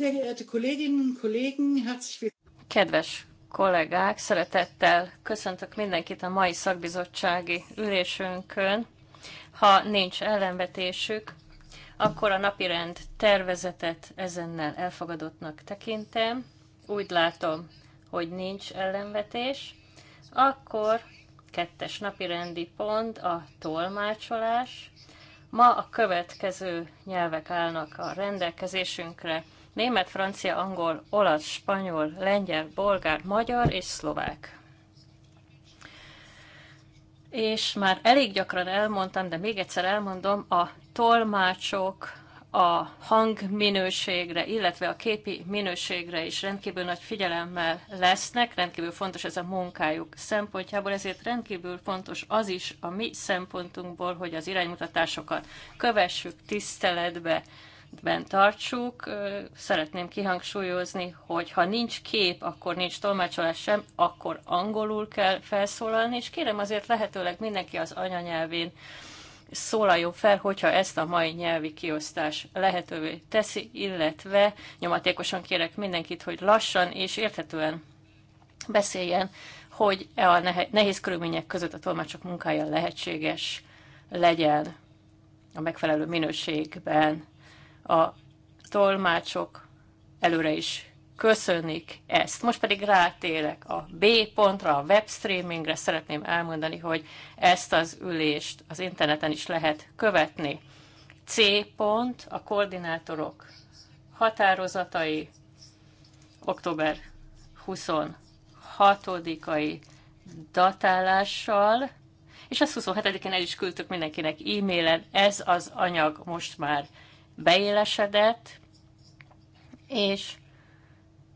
Sehr geehrte Kolleginnen und Kollegen, herzlich willkommen. Kedves kollégák, szeretettel köszöntök mindenkit a mai szakbizottsági ülésünkön. Ha nincs ellenvetésük, akkor a napirend tervezetet ezennel elfogadottnak tekintem. Úgy látom, hogy nincs ellenvetés. Akkor kettes napirendi pont a tolmácsolás. Ma a következő nyelvek állnak a rendelkezésünkre német, francia, angol, olasz, spanyol, lengyel, bolgár, magyar és szlovák. És már elég gyakran elmondtam, de még egyszer elmondom, a tolmácsok a hangminőségre, illetve a képi minőségre is rendkívül nagy figyelemmel lesznek, rendkívül fontos ez a munkájuk szempontjából, ezért rendkívül fontos az is a mi szempontunkból, hogy az iránymutatásokat kövessük, tiszteletbe bent tartsuk. Szeretném kihangsúlyozni, hogy ha nincs kép, akkor nincs tolmácsolás sem, akkor angolul kell felszólalni, és kérem azért lehetőleg mindenki az anyanyelvén szólaljon fel, hogyha ezt a mai nyelvi kiosztás lehetővé teszi, illetve nyomatékosan kérek mindenkit, hogy lassan és érthetően beszéljen, hogy e a nehéz körülmények között a tolmácsok munkája lehetséges legyen a megfelelő minőségben a tolmácsok előre is köszönik ezt. Most pedig rátérek a B pontra, a webstreamingre. Szeretném elmondani, hogy ezt az ülést az interneten is lehet követni. C pont, a koordinátorok határozatai, október 26-ai datálással, és ezt 27-én el is küldtük mindenkinek e-mailen. Ez az anyag most már beélesedett, és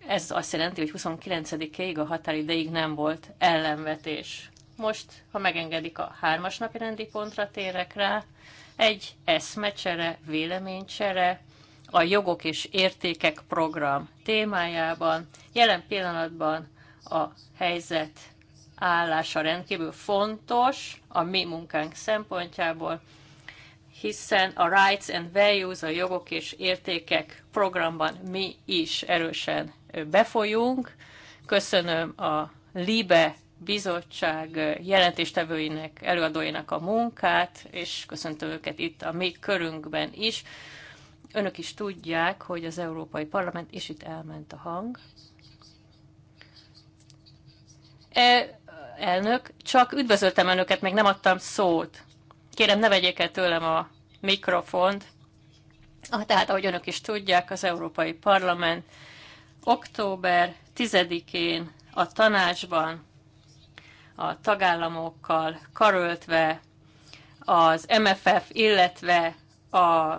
ez azt jelenti, hogy 29-ig a határideig nem volt ellenvetés. Most, ha megengedik a hármas napi rendi pontra térek rá, egy eszmecsere, véleménycsere, a jogok és értékek program témájában. Jelen pillanatban a helyzet állása rendkívül fontos a mi munkánk szempontjából, hiszen a Rights and Values, a jogok és értékek programban mi is erősen befolyunk. Köszönöm a LIBE bizottság jelentéstevőinek, előadóinak a munkát, és köszöntöm őket itt a mi körünkben is. Önök is tudják, hogy az Európai Parlament, és itt elment a hang, E elnök, csak üdvözöltem önöket, még nem adtam szót. Kérem, ne vegyék el tőlem a mikrofont. Ah, tehát, ahogy önök is tudják, az Európai Parlament október 10-én a tanácsban a tagállamokkal karöltve az MFF, illetve a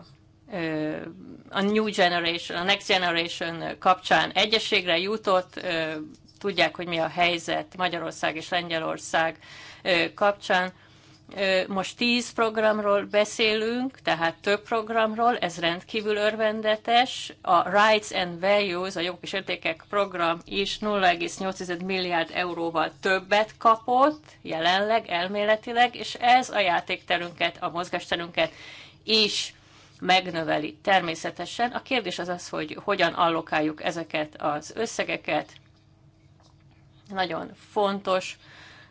a New Generation, a Next Generation kapcsán egyességre jutott, tudják, hogy mi a helyzet Magyarország és Lengyelország kapcsán most tíz programról beszélünk, tehát több programról, ez rendkívül örvendetes. A Rights and Values, a jogok és értékek program is 0,8 milliárd euróval többet kapott, jelenleg, elméletileg, és ez a játékterünket, a mozgásterünket is megnöveli természetesen. A kérdés az az, hogy hogyan allokáljuk ezeket az összegeket. Nagyon fontos,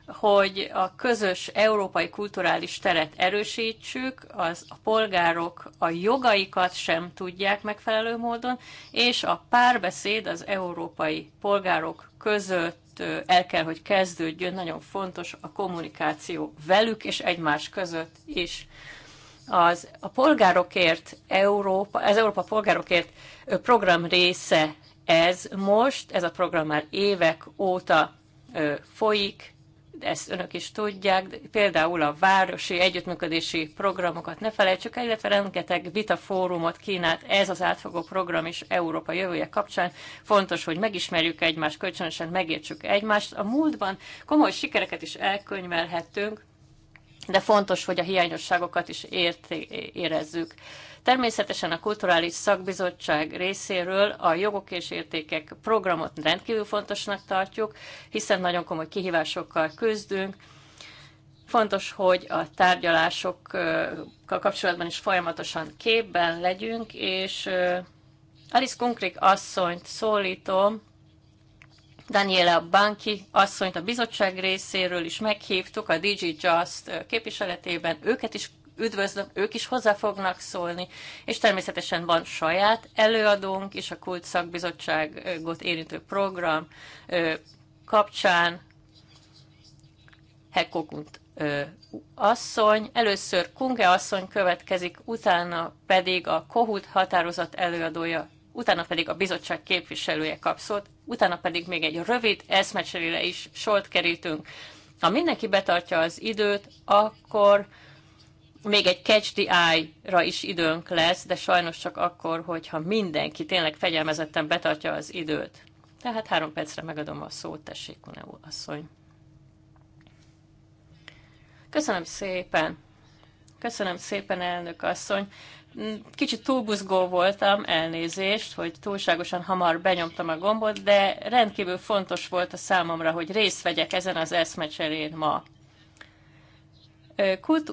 hogy a közös európai kulturális teret erősítsük, az a polgárok a jogaikat sem tudják megfelelő módon, és a párbeszéd az európai polgárok között el kell, hogy kezdődjön. Nagyon fontos a kommunikáció velük és egymás között is. Az a polgárokért Európa, az Európa polgárokért program része ez most, ez a program már évek óta folyik, ezt önök is tudják, például a városi együttműködési programokat ne felejtsük el, illetve rengeteg vitafórumot kínált ez az átfogó program is Európa jövője kapcsán. Fontos, hogy megismerjük egymást, kölcsönösen megértsük egymást. A múltban komoly sikereket is elkönyvelhettünk, de fontos, hogy a hiányosságokat is ért, érezzük. Természetesen a Kulturális Szakbizottság részéről a jogok és értékek programot rendkívül fontosnak tartjuk, hiszen nagyon komoly kihívásokkal küzdünk. Fontos, hogy a tárgyalásokkal kapcsolatban is folyamatosan képben legyünk, és uh, Alice Kunkrik asszonyt szólítom, Daniela Banki asszonyt a bizottság részéről is meghívtuk a DG Just képviseletében. Őket is üdvözlöm, ők is hozzá fognak szólni, és természetesen van saját előadónk és a Kult Szakbizottságot érintő program kapcsán Hekokunt asszony, először Kunge asszony következik, utána pedig a Kohut határozat előadója, utána pedig a bizottság képviselője kap szót utána pedig még egy rövid eszmecserére is sort kerítünk. Ha mindenki betartja az időt, akkor még egy catch the eye-ra is időnk lesz, de sajnos csak akkor, hogyha mindenki tényleg fegyelmezetten betartja az időt. Tehát három percre megadom a szót, tessék, Kuneu asszony. Köszönöm szépen. Köszönöm szépen, elnök asszony. Kicsit túlbuzgó voltam, elnézést, hogy túlságosan hamar benyomtam a gombot, de rendkívül fontos volt a számomra, hogy részt vegyek ezen az eszmecserén ma. Kult,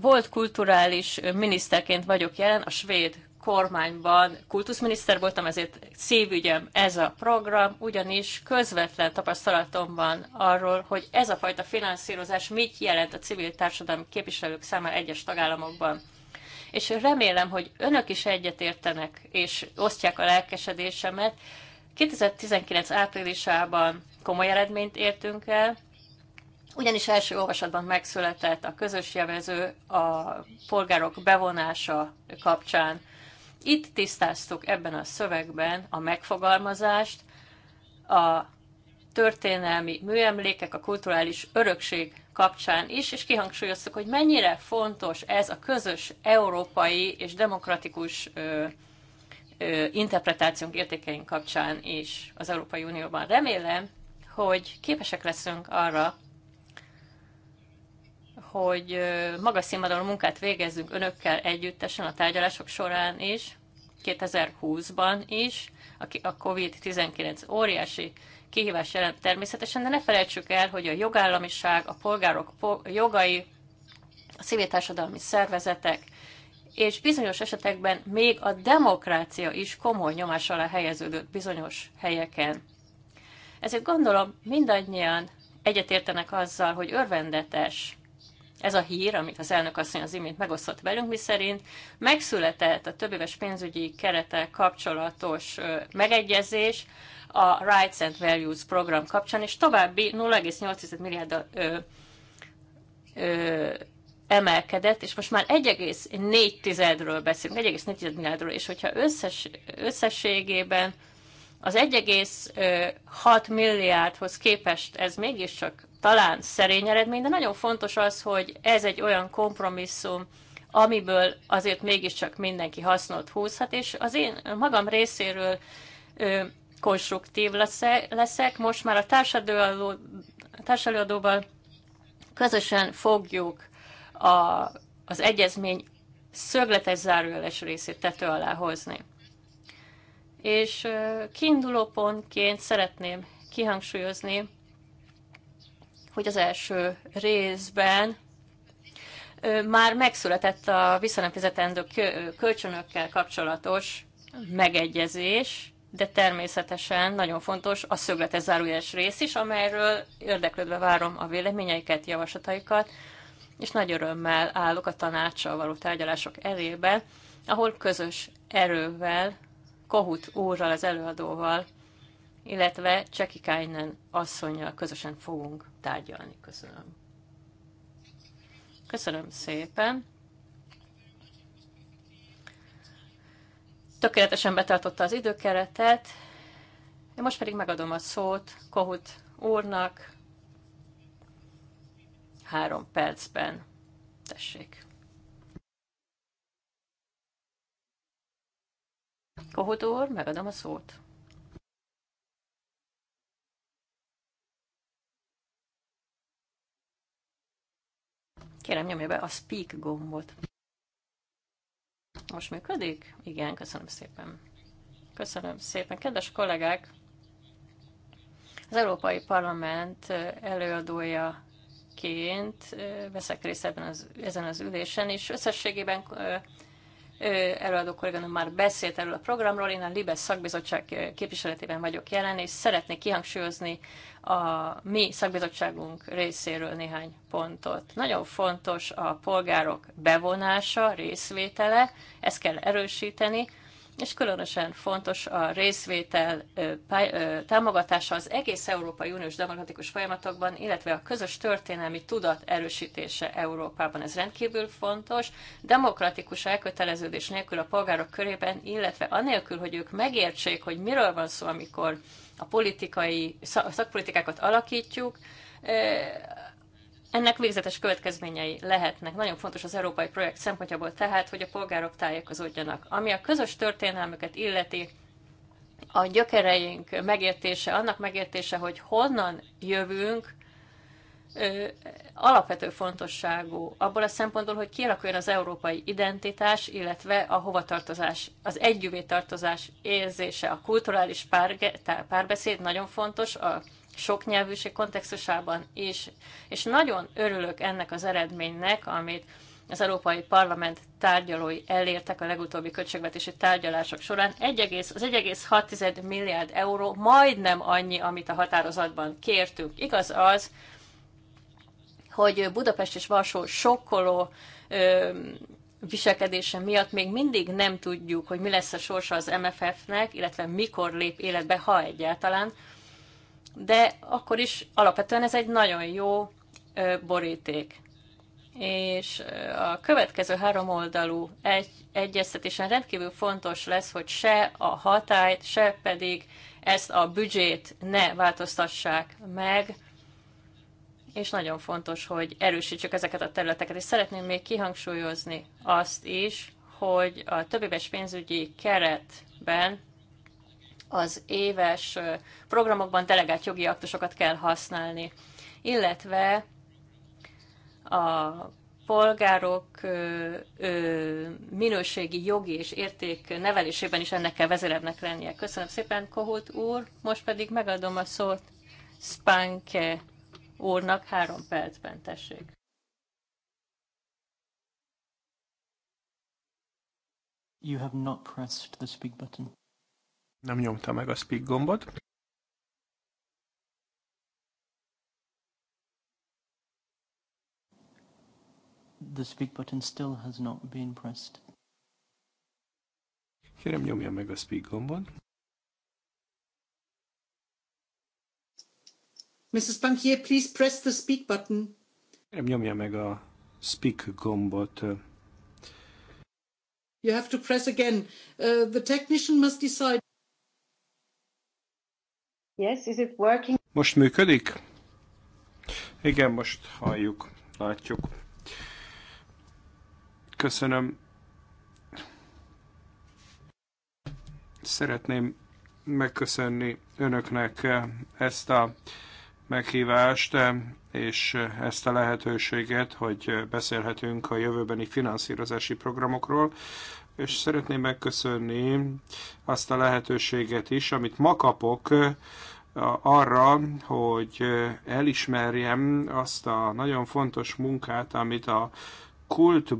volt kulturális miniszterként vagyok jelen a svéd kormányban kultuszminiszter voltam, ezért szívügyem ez a program, ugyanis közvetlen tapasztalatom van arról, hogy ez a fajta finanszírozás mit jelent a civil társadalmi képviselők számára egyes tagállamokban és remélem, hogy önök is egyetértenek, és osztják a lelkesedésemet. 2019 áprilisában komoly eredményt értünk el, ugyanis első olvasatban megszületett a közös jelvező a polgárok bevonása kapcsán. Itt tisztáztuk ebben a szövegben a megfogalmazást, a történelmi műemlékek, a kulturális örökség kapcsán is, és kihangsúlyoztuk, hogy mennyire fontos ez a közös európai és demokratikus ö, ö, interpretációnk értékeink kapcsán is az Európai Unióban. Remélem, hogy képesek leszünk arra, hogy magas színvonalú munkát végezzünk önökkel együttesen a tárgyalások során is, 2020-ban is, a COVID-19 óriási kihívás jelent természetesen, de ne felejtsük el, hogy a jogállamiság, a polgárok jogai, a civil társadalmi szervezetek, és bizonyos esetekben még a demokrácia is komoly nyomás alá helyeződött bizonyos helyeken. Ezért gondolom mindannyian egyetértenek azzal, hogy örvendetes ez a hír, amit az elnök asszony az imént megosztott velünk, miszerint megszületett a többéves pénzügyi kerettel kapcsolatos megegyezés, a Rights and Values program kapcsán, és további 0,8 milliárd ö, ö, emelkedett, és most már 1,4-ről beszélünk, 1,4 milliárdról, és hogyha összes, összességében az 1,6 milliárdhoz képest ez mégiscsak talán szerény eredmény, de nagyon fontos az, hogy ez egy olyan kompromisszum, amiből azért mégiscsak mindenki hasznot húzhat, és az én magam részéről konstruktív leszek. Most már a társelőadóval közösen fogjuk a, az egyezmény szögletes zárójeles részét tető alá hozni. És kiinduló pontként szeretném kihangsúlyozni, hogy az első részben már megszületett a visszanemfizetendő kölcsönökkel kapcsolatos megegyezés, de természetesen nagyon fontos a szögletes zárójeles rész is, amelyről érdeklődve várom a véleményeiket, javaslataikat, és nagy örömmel állok a tanácssal való tárgyalások elébe, ahol közös erővel, Kohut úrral, az előadóval, illetve Cseki Kájnen asszonyjal közösen fogunk tárgyalni. Köszönöm. Köszönöm szépen. tökéletesen betartotta az időkeretet. Én most pedig megadom a szót Kohut úrnak három percben. Tessék. Kohut úr, megadom a szót. Kérem, nyomja be a speak gombot. Most működik? Igen, köszönöm szépen. Köszönöm szépen. Kedves kollégák, az Európai Parlament előadója ként veszek részt ebben az, ezen az ülésen, és összességében előadó kolléganőm már beszélt erről a programról, én a Libes szakbizottság képviseletében vagyok jelen, és szeretnék kihangsúlyozni a mi szakbizottságunk részéről néhány pontot. Nagyon fontos a polgárok bevonása, részvétele, ezt kell erősíteni, és különösen fontos a részvétel támogatása az egész Európai Uniós demokratikus folyamatokban, illetve a közös történelmi tudat erősítése Európában. Ez rendkívül fontos. Demokratikus elköteleződés nélkül a polgárok körében, illetve anélkül, hogy ők megértsék, hogy miről van szó, amikor a politikai, szakpolitikákat alakítjuk, ennek végzetes következményei lehetnek. Nagyon fontos az európai projekt szempontjából tehát, hogy a polgárok tájékozódjanak. Ami a közös történelmüket illeti, a gyökereink megértése, annak megértése, hogy honnan jövünk, alapvető fontosságú abból a szempontból, hogy kialakuljon az európai identitás, illetve a hovatartozás, az együvé tartozás érzése, a kulturális párbeszéd nagyon fontos, a sok nyelvűség kontextusában is. És nagyon örülök ennek az eredménynek, amit az Európai Parlament tárgyalói elértek a legutóbbi költségvetési tárgyalások során. 1, az 1,6 milliárd euró majdnem annyi, amit a határozatban kértünk. Igaz az, hogy Budapest és Varsó sokkoló ö, viselkedése miatt még mindig nem tudjuk, hogy mi lesz a sorsa az MFF-nek, illetve mikor lép életbe, ha egyáltalán de akkor is alapvetően ez egy nagyon jó boríték. És a következő három oldalú egy, egyeztetésen rendkívül fontos lesz, hogy se a hatályt, se pedig ezt a büdzsét ne változtassák meg, és nagyon fontos, hogy erősítsük ezeket a területeket. És szeretném még kihangsúlyozni azt is, hogy a többéves pénzügyi keretben az éves programokban delegált jogi aktusokat kell használni, illetve a polgárok ö, ö, minőségi jogi és érték nevelésében is ennek kell vezérebbnek lennie. Köszönöm szépen, Kohut úr. Most pedig megadom a szót Spanke úrnak három percben, tessék. You have not pressed the speak button. Nem nyomta meg a speak gombot. The speak button still has not been pressed. Kérem nyomja meg a speak gombot. Mrs. Bankier, please press the speak button. Kérem nyomja meg a speak gombot. You have to press again. Uh, the technician must decide. Yes, is it working? Most működik? Igen, most halljuk, látjuk. Köszönöm. Szeretném megköszönni önöknek ezt a meghívást és ezt a lehetőséget, hogy beszélhetünk a jövőbeni finanszírozási programokról és szeretném megköszönni azt a lehetőséget is, amit ma kapok arra, hogy elismerjem azt a nagyon fontos munkát, amit a Kult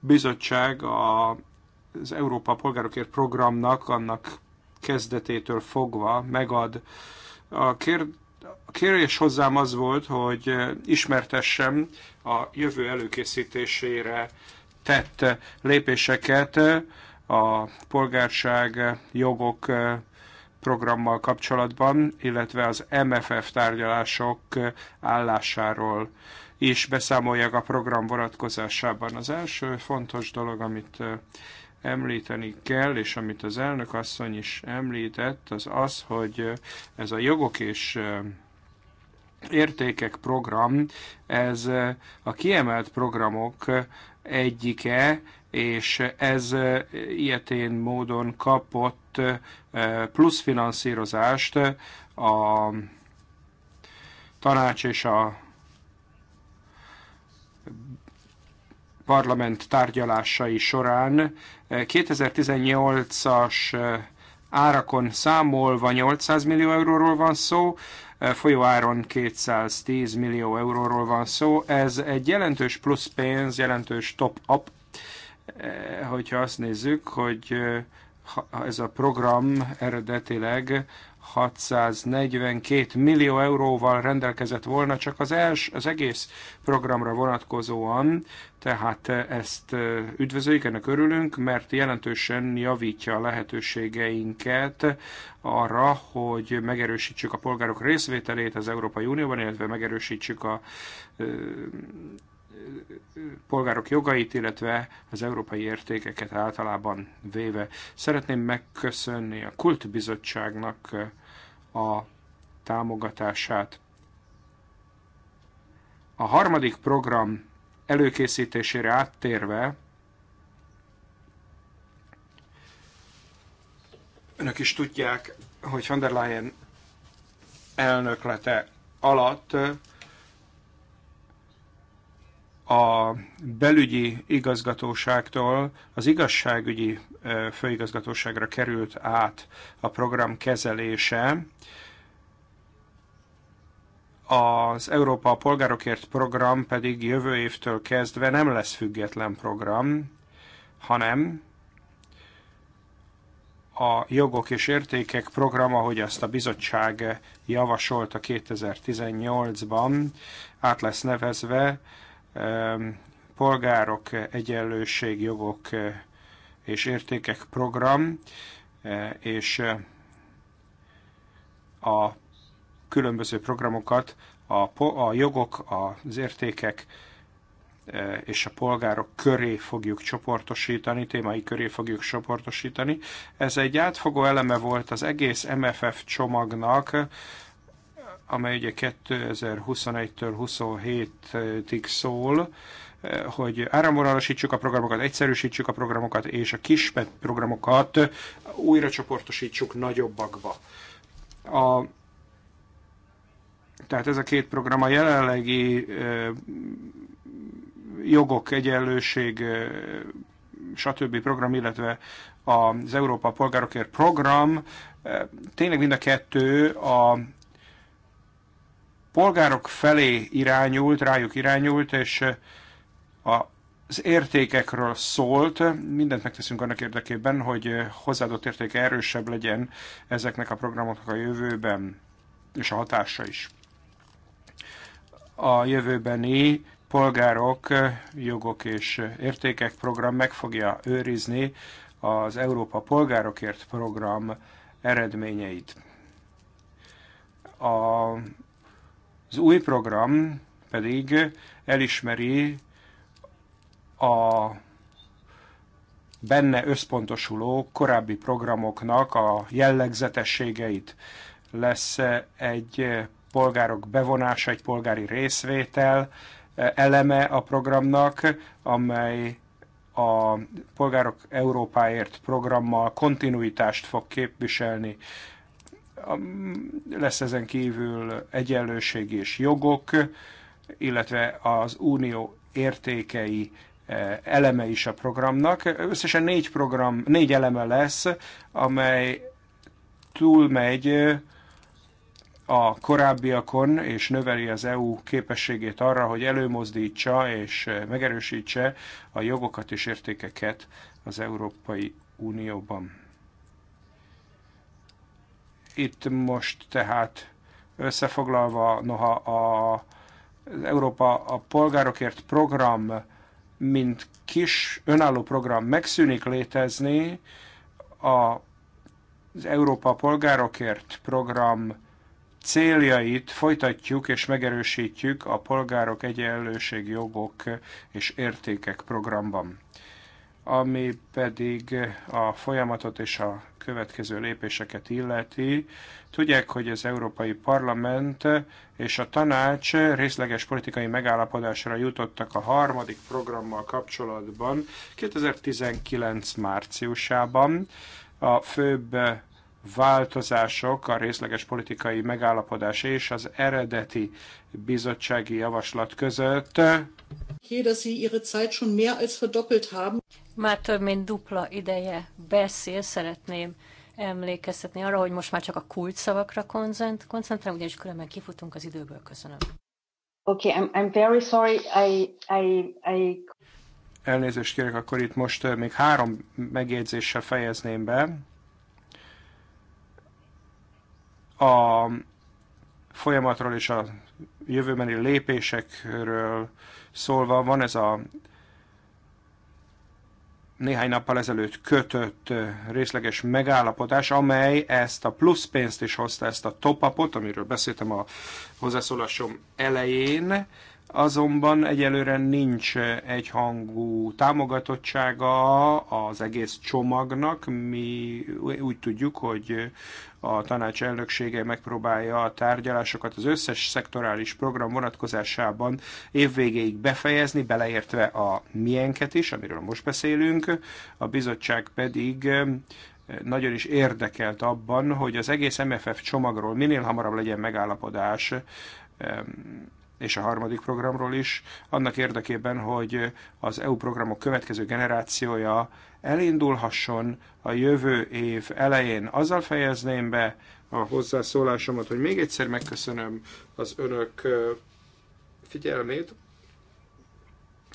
Bizottság az Európa Polgárokért Programnak, annak kezdetétől fogva megad. A kérd a kérés hozzám az volt, hogy ismertessem a jövő előkészítésére tett lépéseket a polgárság jogok eh, programmal kapcsolatban, illetve az MFF tárgyalások eh, állásáról is beszámolják a program vonatkozásában. Az első fontos dolog, amit eh, említeni kell, és amit az elnök asszony is említett, az az, hogy ez a jogok és értékek program, ez eh, a kiemelt programok egyike, és ez eh, ilyetén módon kapott eh, plusz finanszírozást a tanács és a parlament tárgyalásai során 2018-as árakon számolva 800 millió euróról van szó, Folyóáron 210 millió euróról van szó. Ez egy jelentős plusz pénz, jelentős top-up, eh, hogyha azt nézzük, hogy eh, ez a program eredetileg 642 millió euróval rendelkezett volna csak az, els, az egész programra vonatkozóan, tehát ezt üdvözöljük, ennek örülünk, mert jelentősen javítja a lehetőségeinket arra, hogy megerősítsük a polgárok részvételét az Európai Unióban, illetve megerősítsük a polgárok jogait, illetve az európai értékeket általában véve. Szeretném megköszönni a Kultbizottságnak eh, a támogatását. A harmadik program előkészítésére áttérve önök is tudják, hogy van der Leyen elnöklete alatt eh, a belügyi igazgatóságtól az igazságügyi főigazgatóságra került át a program kezelése. Az Európa a Polgárokért program pedig jövő évtől kezdve nem lesz független program, hanem a jogok és értékek program, ahogy azt a bizottság javasolta 2018-ban, át lesz nevezve Polgárok, Egyenlőség, Jogok eh, és Értékek program, eh, és eh, a különböző programokat a, a jogok, az értékek és a polgárok köré fogjuk csoportosítani, témai köré fogjuk csoportosítani. Ez egy átfogó eleme volt az egész MFF csomagnak, amely ugye 2021-től 27-ig szól, eh, hogy áramvonalasítsuk a programokat, egyszerűsítsük a programokat, és a kis programokat újra csoportosítsuk nagyobbakba. A, tehát ez a két program a jelenlegi e, jogok, egyenlőség, e, stb. program, illetve az Európa Polgárokért program, tényleg mind a kettő a polgárok felé irányult, rájuk irányult, és az értékekről szólt. Mindent megteszünk annak érdekében, hogy hozzáadott értéke erősebb legyen ezeknek a programoknak a jövőben, és a hatása is. A jövőbeni polgárok, jogok és értékek program meg fogja őrizni az Európa Polgárokért program eredményeit. A az új program pedig elismeri a benne összpontosuló korábbi programoknak a jellegzetességeit. Lesz egy polgárok bevonása, egy polgári részvétel eleme a programnak, amely a Polgárok Európáért programmal kontinuitást fog képviselni lesz ezen kívül egyenlőség és jogok, illetve az unió értékei e, eleme is a programnak. Összesen négy program, négy eleme lesz, amely túlmegy e, a korábbiakon, és növeli az EU képességét arra, hogy előmozdítsa és e, megerősítse a jogokat és értékeket az Európai Unióban. Itt most tehát összefoglalva, noha a, az Európa a polgárokért program, mint kis önálló program megszűnik létezni, a, az Európa polgárokért program céljait folytatjuk és megerősítjük a polgárok egyenlőség, jogok és értékek programban ami pedig a folyamatot és a következő lépéseket illeti. Tudják, hogy az Európai Parlament és a tanács részleges politikai megállapodásra jutottak a harmadik programmal kapcsolatban 2019 márciusában. A főbb változások a részleges politikai megállapodás és az eredeti bizottsági javaslat között. Hier, dass Sie Ihre Zeit schon mehr als verdoppelt haben már több mint dupla ideje beszél, szeretném emlékeztetni arra, hogy most már csak a kult szavakra koncentrál, ugyanis különben kifutunk az időből. Köszönöm. Okay, I'm, I'm very sorry. I, I, I... Elnézést kérek, akkor itt most még három megjegyzéssel fejezném be. A folyamatról és a jövőbeni lépésekről szólva van ez a néhány nappal ezelőtt kötött részleges megállapodás, amely ezt a plusz pénzt is hozta, ezt a top-upot, amiről beszéltem a hozzászólásom elején, azonban egyelőre nincs egyhangú támogatottsága az egész csomagnak. Mi úgy tudjuk, hogy a tanács elnöksége megpróbálja a tárgyalásokat az összes szektorális program vonatkozásában évvégéig befejezni, beleértve a miénket is, amiről most beszélünk, a bizottság pedig eh, nagyon is érdekelt abban, hogy az egész MFF csomagról minél hamarabb legyen megállapodás eh, és a harmadik programról is, annak érdekében, hogy az EU programok következő generációja elindulhasson a jövő év elején. Azzal fejezném be a hozzászólásomat, hogy még egyszer megköszönöm az önök figyelmét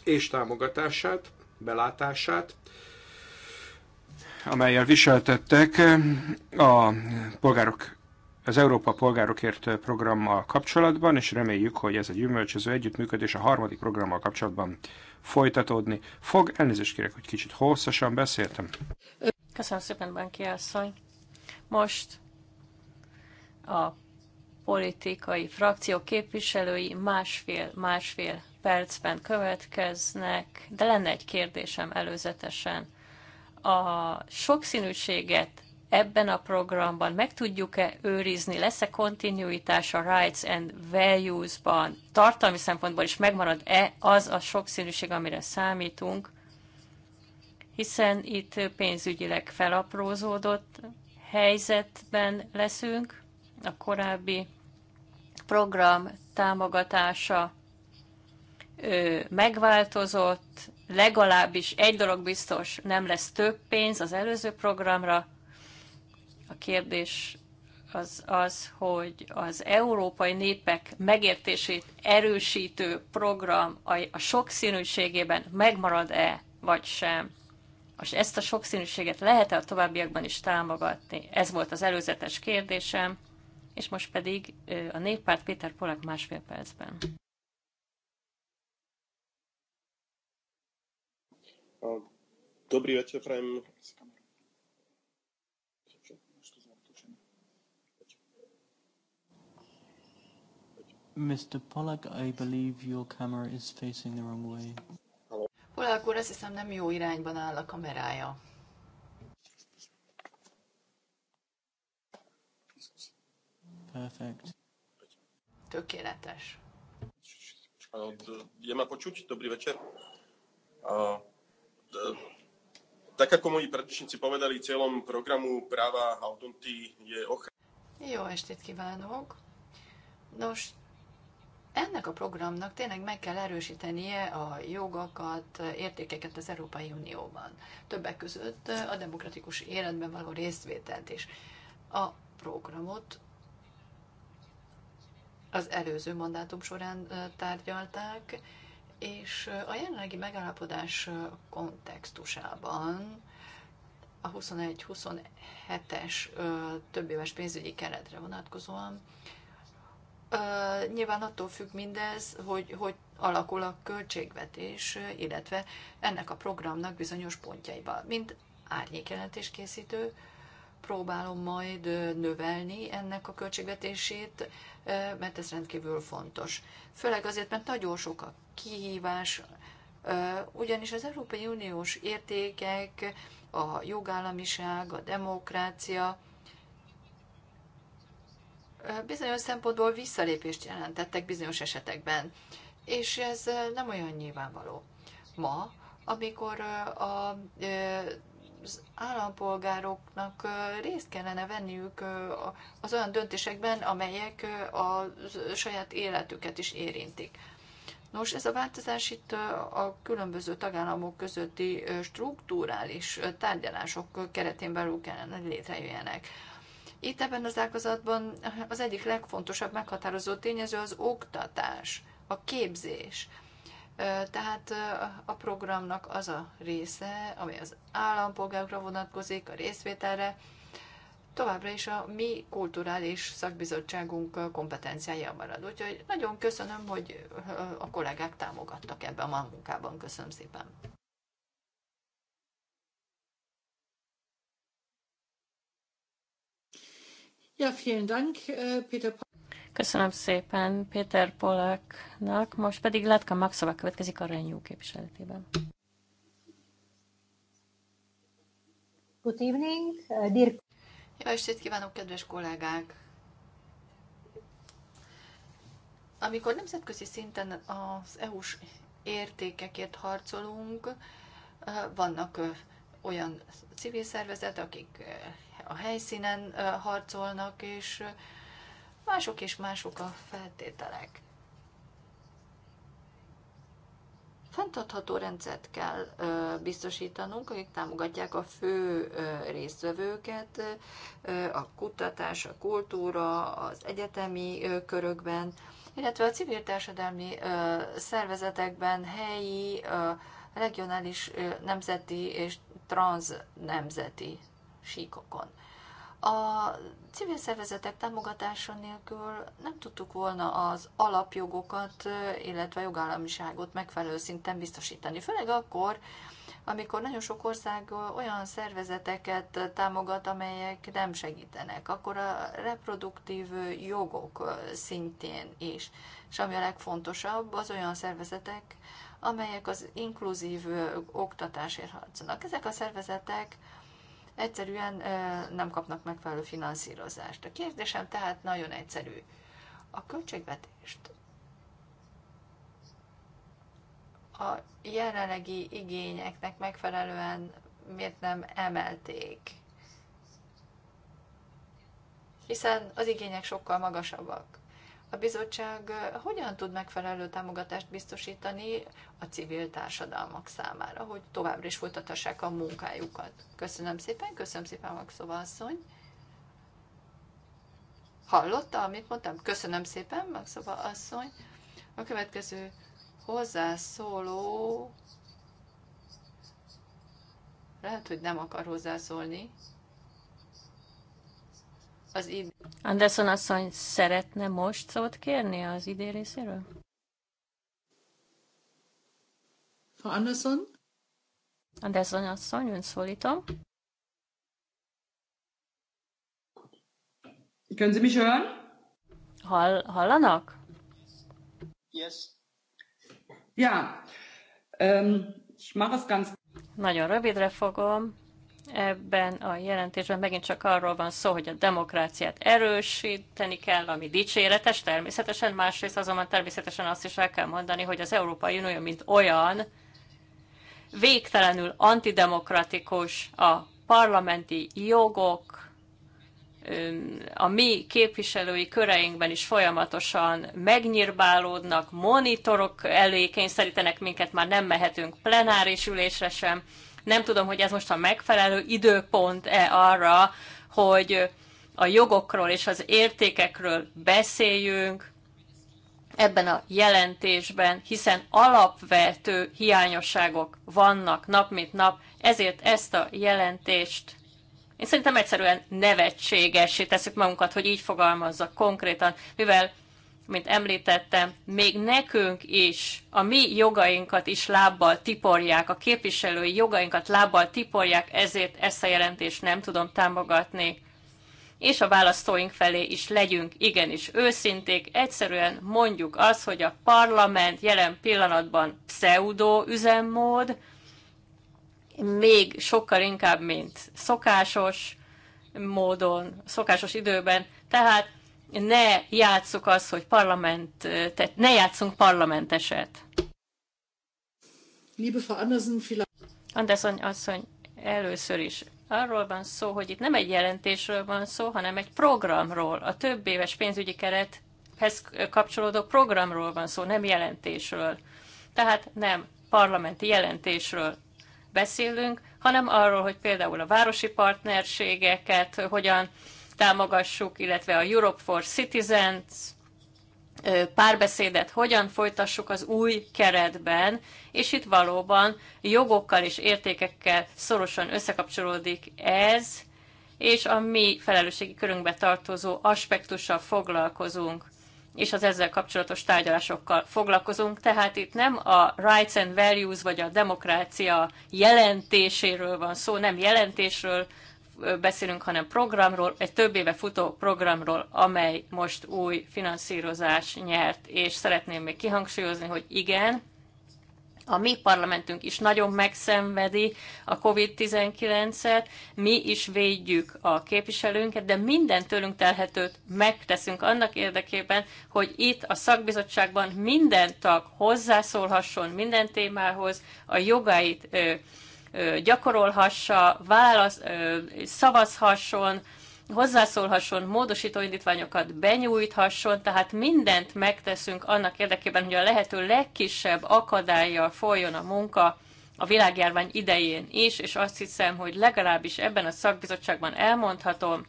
és támogatását, belátását, amelyel viseltettek a polgárok az Európa Polgárokért programmal kapcsolatban, és reméljük, hogy ez a gyümölcsöző együttműködés a harmadik programmal kapcsolatban folytatódni fog. Elnézést kérek, hogy kicsit hosszasan beszéltem. Köszönöm szépen, Benki Elszony. Most a politikai frakció képviselői másfél-másfél percben következnek, de lenne egy kérdésem előzetesen. A sokszínűséget ebben a programban, meg tudjuk-e őrizni, lesz-e kontinuitás a rights and values-ban, tartalmi szempontból is megmarad-e az a sokszínűség, amire számítunk, hiszen itt pénzügyileg felaprózódott helyzetben leszünk, a korábbi program támogatása megváltozott, legalábbis egy dolog biztos, nem lesz több pénz az előző programra, kérdés az az, hogy az európai népek megértését erősítő program a, a sokszínűségében megmarad-e, vagy sem. És ezt a sokszínűséget lehet-e a továbbiakban is támogatni? Ez volt az előzetes kérdésem, és most pedig a néppárt Péter Polak másfél percben. Dobrý večer, prajem Mr. Pollack, I believe your camera is facing the wrong way. Pollack úr, azt hiszem nem jó irányban áll a kamerája. Perfect. Tökéletes. Uh, je ma počuť? Dobrý večer. A, tak ako moji predrečníci povedali, cieľom programu práva a autonty je ochrana. Jó estét kívánok! Nos, ennek a programnak tényleg meg kell erősítenie a jogokat, értékeket az Európai Unióban. Többek között a demokratikus életben való részvételt is. A programot az előző mandátum során tárgyalták, és a jelenlegi megállapodás kontextusában a 21-27-es többéves pénzügyi keretre vonatkozóan nyilván attól függ mindez, hogy, hogy alakul a költségvetés, illetve ennek a programnak bizonyos pontjaiba. Mint árnyékjelentés készítő, próbálom majd növelni ennek a költségvetését, mert ez rendkívül fontos. Főleg azért, mert nagyon sok a kihívás, ugyanis az Európai Uniós értékek, a jogállamiság, a demokrácia, bizonyos szempontból visszalépést jelentettek bizonyos esetekben, és ez nem olyan nyilvánvaló. Ma, amikor a az állampolgároknak részt kellene venniük az olyan döntésekben, amelyek a saját életüket is érintik. Nos, ez a változás itt a különböző tagállamok közötti strukturális tárgyalások keretén belül kellene létrejöjjenek. Itt ebben az ágazatban az egyik legfontosabb meghatározó tényező az oktatás, a képzés. Tehát a programnak az a része, ami az állampolgárokra vonatkozik, a részvételre, továbbra is a mi kulturális szakbizottságunk kompetenciája marad. Úgyhogy nagyon köszönöm, hogy a kollégák támogattak ebben a munkában. Köszönöm szépen. Ja, vielen Dank, äh, Peter. Köszönöm szépen Péter Poláknak, most pedig Letka Maxova következik a Renew képviseletében. Good evening, uh, dear... Jó estét kívánok, kedves kollégák! Amikor nemzetközi szinten az EU-s értékekért harcolunk, uh, vannak uh, olyan civil szervezet, akik eh, a helyszínen eh, harcolnak, és eh, mások és mások a feltételek. Fentartható rendszert kell biztosítanunk, akik támogatják a fő résztvevőket, a kutatás, a kultúra, az egyetemi körökben, illetve a civil társadalmi szervezetekben, helyi, regionális, nemzeti és transnemzeti síkokon. A civil szervezetek támogatása nélkül nem tudtuk volna az alapjogokat, illetve a jogállamiságot megfelelő szinten biztosítani, főleg akkor, amikor nagyon sok ország olyan szervezeteket támogat, amelyek nem segítenek, akkor a reproduktív jogok szintén is. És ami a legfontosabb, az olyan szervezetek, amelyek az inkluzív oktatásért harcolnak. Ezek a szervezetek egyszerűen nem kapnak megfelelő finanszírozást. A kérdésem tehát nagyon egyszerű. A költségvetést a jelenlegi igényeknek megfelelően miért nem emelték. Hiszen az igények sokkal magasabbak. A bizottság hogyan tud megfelelő támogatást biztosítani a civil társadalmak számára, hogy továbbra is folytathassák a munkájukat? Köszönöm szépen, köszönöm szépen, Maxova asszony. Hallotta, amit mondtam? Köszönöm szépen, Maxova asszony. A következő hozzászóló lehet, hogy nem akar hozzászólni. Az id- Anderson asszony szeretne most szót kérni az idő részéről? Anderson? Anderson asszony, ön szólítom. Können Sie mich hören? Hall, hallanak? Yes. Ähm, Nagyon rövidre fogom. Ebben a jelentésben megint csak arról van szó, hogy a demokráciát erősíteni kell, ami dicséretes természetesen, másrészt azonban természetesen azt is el kell mondani, hogy az Európai Unió, mint olyan, végtelenül antidemokratikus a parlamenti jogok a mi képviselői köreinkben is folyamatosan megnyírbálódnak, monitorok elé kényszerítenek minket, már nem mehetünk plenáris ülésre sem. Nem tudom, hogy ez most a megfelelő időpont-e arra, hogy a jogokról és az értékekről beszéljünk ebben a jelentésben, hiszen alapvető hiányosságok vannak nap mint nap, ezért ezt a jelentést én szerintem egyszerűen nevetségesé teszük magunkat, hogy így fogalmazzak konkrétan, mivel mint említettem, még nekünk is, a mi jogainkat is lábbal tiporják, a képviselői jogainkat lábbal tiporják, ezért ezt a jelentést nem tudom támogatni. És a választóink felé is legyünk igenis őszinték, egyszerűen mondjuk azt, hogy a parlament jelen pillanatban pseudo üzemmód, még sokkal inkább, mint szokásos módon, szokásos időben. Tehát ne játsszuk azt, hogy parlament, tehát ne játszunk parlamenteset. Liebe Frau Andersen, Anderson asszony, először is arról van szó, hogy itt nem egy jelentésről van szó, hanem egy programról, a több éves pénzügyi kerethez kapcsolódó programról van szó, nem jelentésről. Tehát nem parlamenti jelentésről beszélünk, hanem arról, hogy például a városi partnerségeket hogyan támogassuk, illetve a Europe for Citizens párbeszédet hogyan folytassuk az új keretben, és itt valóban jogokkal és értékekkel szorosan összekapcsolódik ez, és a mi felelősségi körünkbe tartozó aspektussal foglalkozunk és az ezzel kapcsolatos tárgyalásokkal foglalkozunk. Tehát itt nem a rights and values vagy a demokrácia jelentéséről van szó, nem jelentésről beszélünk, hanem programról, egy több éve futó programról, amely most új finanszírozás nyert, és szeretném még kihangsúlyozni, hogy igen, a mi parlamentünk is nagyon megszenvedi a COVID-19-et, mi is védjük a képviselőnket, de minden tőlünk telhetőt megteszünk annak érdekében, hogy itt a szakbizottságban minden tag hozzászólhasson minden témához, a jogait ö, ö, gyakorolhassa, válasz, ö, szavazhasson, hozzászólhasson, módosító indítványokat benyújthasson, tehát mindent megteszünk annak érdekében, hogy a lehető legkisebb akadályjal folyjon a munka a világjárvány idején is, és azt hiszem, hogy legalábbis ebben a szakbizottságban elmondhatom,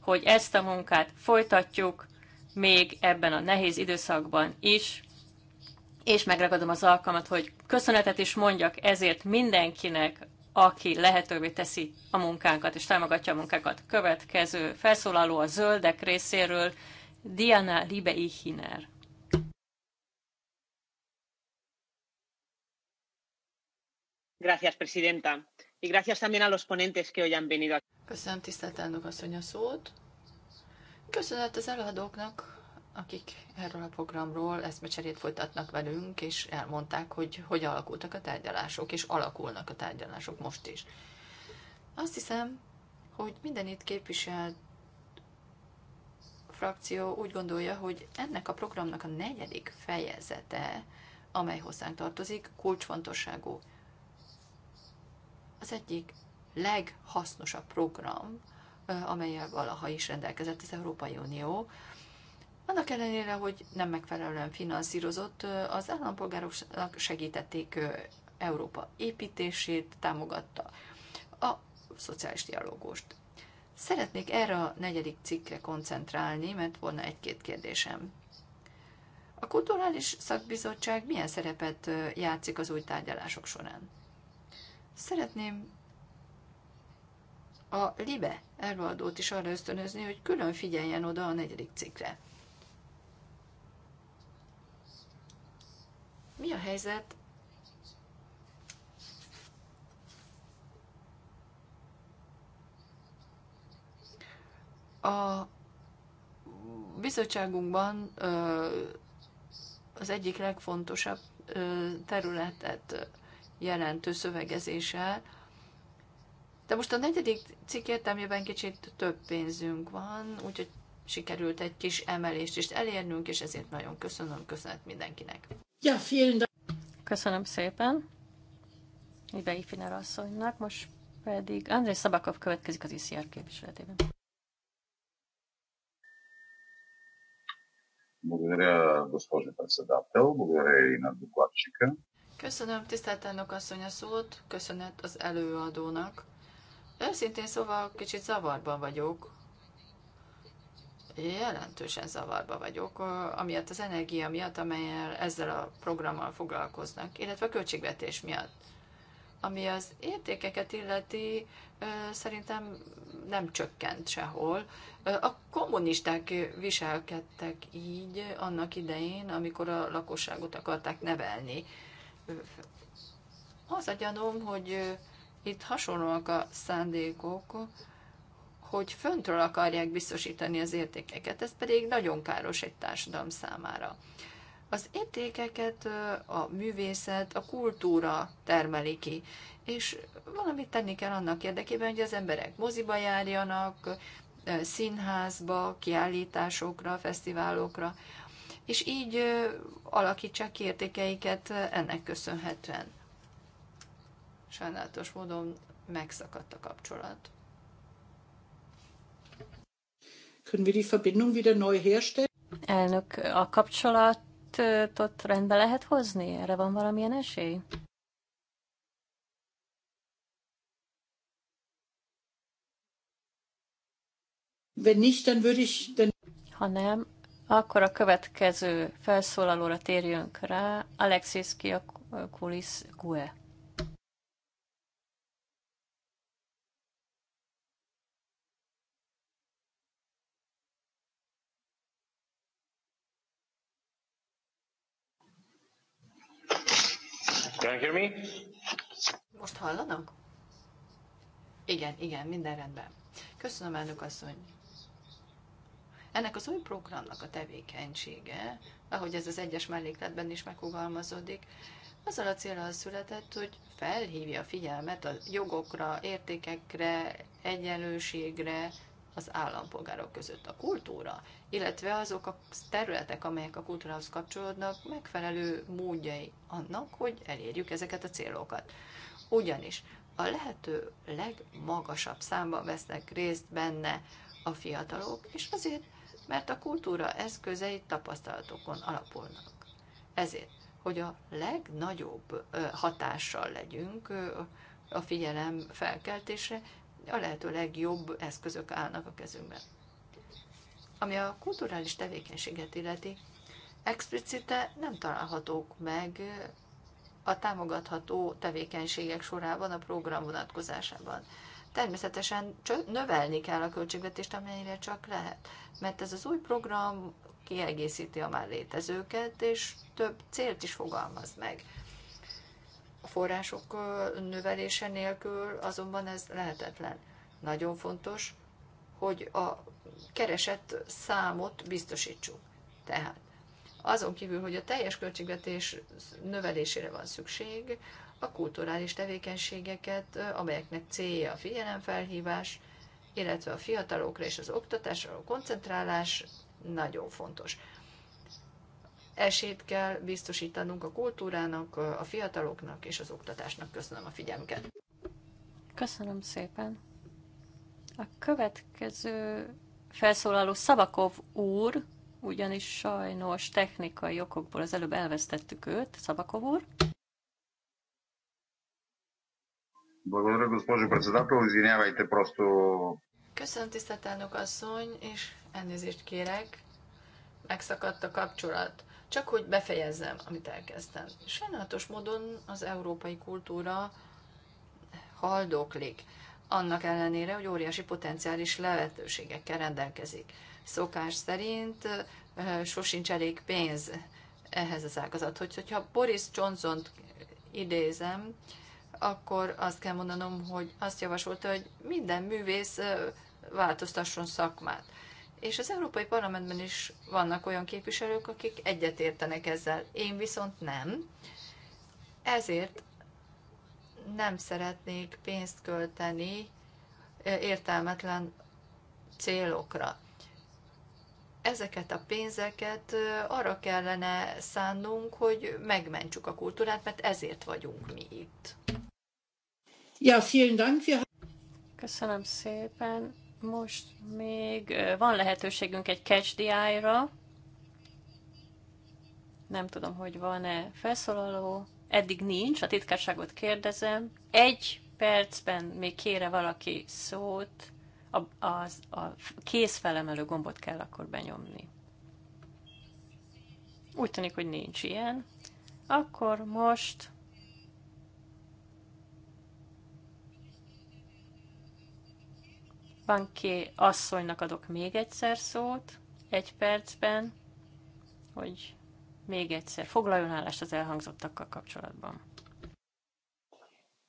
hogy ezt a munkát folytatjuk még ebben a nehéz időszakban is, és megragadom az alkalmat, hogy köszönetet is mondjak ezért mindenkinek, aki lehetővé teszi a munkánkat és támogatja a munkákat. Következő felszólaló a zöldek részéről Diana Hiner. Gracias, presidenta. Y gracias también a los ponentes que hoy han venido. Köszönöm, tisztelt elnök asszony a szót. Köszönet az előadóknak, akik erről a programról eszmecserét folytatnak velünk, és elmondták, hogy hogy alakultak a tárgyalások, és alakulnak a tárgyalások most is. Azt hiszem, hogy minden itt képviselt frakció úgy gondolja, hogy ennek a programnak a negyedik fejezete, amely hozzánk tartozik, kulcsfontosságú. Az egyik leghasznosabb program, amelyel valaha is rendelkezett az Európai Unió, annak ellenére, hogy nem megfelelően finanszírozott, az állampolgároknak segítették Európa építését, támogatta a szociális dialógust. Szeretnék erre a negyedik cikkre koncentrálni, mert volna egy-két kérdésem. A Kulturális Szakbizottság milyen szerepet játszik az új tárgyalások során? Szeretném a LIBE előadót is arra ösztönözni, hogy külön figyeljen oda a negyedik cikkre. Mi a helyzet a bizottságunkban az egyik legfontosabb területet jelentő szövegezéssel. De most a negyedik cikk értelmében kicsit több pénzünk van, úgyhogy sikerült egy kis emelést is elérnünk, és ezért nagyon köszönöm, köszönet mindenkinek. Ja, vielen Dank. Köszönöm szépen. Idei Finer asszonynak. Most pedig André Szabakov következik az ICR képviseletében. Köszönöm, tisztelt elnök asszony a szót, köszönet az előadónak. Őszintén szóval kicsit zavarban vagyok, jelentősen zavarba vagyok, amiatt az energia miatt, amelyel ezzel a programmal foglalkoznak, illetve a költségvetés miatt. Ami az értékeket illeti, szerintem nem csökkent sehol. A kommunisták viselkedtek így annak idején, amikor a lakosságot akarták nevelni. Az a gyanúm, hogy itt hasonlóak a szándékok, hogy föntről akarják biztosítani az értékeket, ez pedig nagyon káros egy társadalom számára. Az értékeket a művészet, a kultúra termeli ki, és valamit tenni kell annak érdekében, hogy az emberek moziba járjanak, színházba, kiállításokra, fesztiválokra, és így alakítsák értékeiket ennek köszönhetően. Sajnálatos módon megszakadt a kapcsolat. Können wir die Verbindung wieder neu herstellen? Elnök, a kapcsolatot rendbe lehet hozni? Erre van valamilyen esély? Wenn nicht, dann würde ich... Dann... Ha nem, akkor a következő felszólalóra térjünk rá. Alexis Kiakulis Gue. Can you hear me? Most hallanak? Igen, igen, minden rendben. Köszönöm, elnök asszony. Ennek az új programnak a tevékenysége, ahogy ez az egyes mellékletben is megfogalmazódik, azzal a célral született, hogy felhívja a figyelmet a jogokra, értékekre, egyenlőségre, az állampolgárok között. A kultúra, illetve azok a területek, amelyek a kultúrához kapcsolódnak, megfelelő módjai annak, hogy elérjük ezeket a célokat. Ugyanis a lehető legmagasabb számban vesznek részt benne a fiatalok, és azért, mert a kultúra eszközei tapasztalatokon alapulnak. Ezért, hogy a legnagyobb hatással legyünk a figyelem felkeltésre, a lehető legjobb eszközök állnak a kezünkben. Ami a kulturális tevékenységet illeti, explicite nem találhatók meg a támogatható tevékenységek sorában a program vonatkozásában. Természetesen növelni kell a költségvetést, amennyire csak lehet, mert ez az új program kiegészíti a már létezőket, és több célt is fogalmaz meg a források növelése nélkül azonban ez lehetetlen. Nagyon fontos, hogy a keresett számot biztosítsuk. Tehát azon kívül, hogy a teljes költségvetés növelésére van szükség, a kulturális tevékenységeket, amelyeknek célja a figyelemfelhívás, illetve a fiatalokra és az oktatásra a koncentrálás nagyon fontos esélyt kell biztosítanunk a kultúrának, a fiataloknak és az oktatásnak. Köszönöm a figyelmüket. Köszönöm szépen. A következő felszólaló Szabakov úr, ugyanis sajnos technikai okokból az előbb elvesztettük őt, Szabakov úr. Köszönöm, tisztelt elnök asszony, és elnézést kérek. Megszakadt a kapcsolat. Csak hogy befejezzem, amit elkezdtem. Sajnálatos módon az európai kultúra haldoklik, annak ellenére, hogy óriási potenciális lehetőségekkel rendelkezik. Szokás szerint sosincs elég pénz ehhez az ágazat. Hogy, hogyha Boris johnson idézem, akkor azt kell mondanom, hogy azt javasolta, hogy minden művész változtasson szakmát és az Európai Parlamentben is vannak olyan képviselők, akik egyetértenek ezzel. Én viszont nem. Ezért nem szeretnék pénzt költeni értelmetlen célokra. Ezeket a pénzeket arra kellene szánnunk, hogy megmentsük a kultúrát, mert ezért vagyunk mi itt. Ja, vielen Dank. Köszönöm szépen most még van lehetőségünk egy catch the eye-ra. Nem tudom, hogy van-e felszólaló. Eddig nincs, a titkárságot kérdezem. Egy percben még kére valaki szót, a, a, a kész felemelő gombot kell akkor benyomni. Úgy tűnik, hogy nincs ilyen. Akkor most Banki asszonynak adok még egyszer szót, egy percben, hogy még egyszer foglaljon állást az elhangzottakkal kapcsolatban.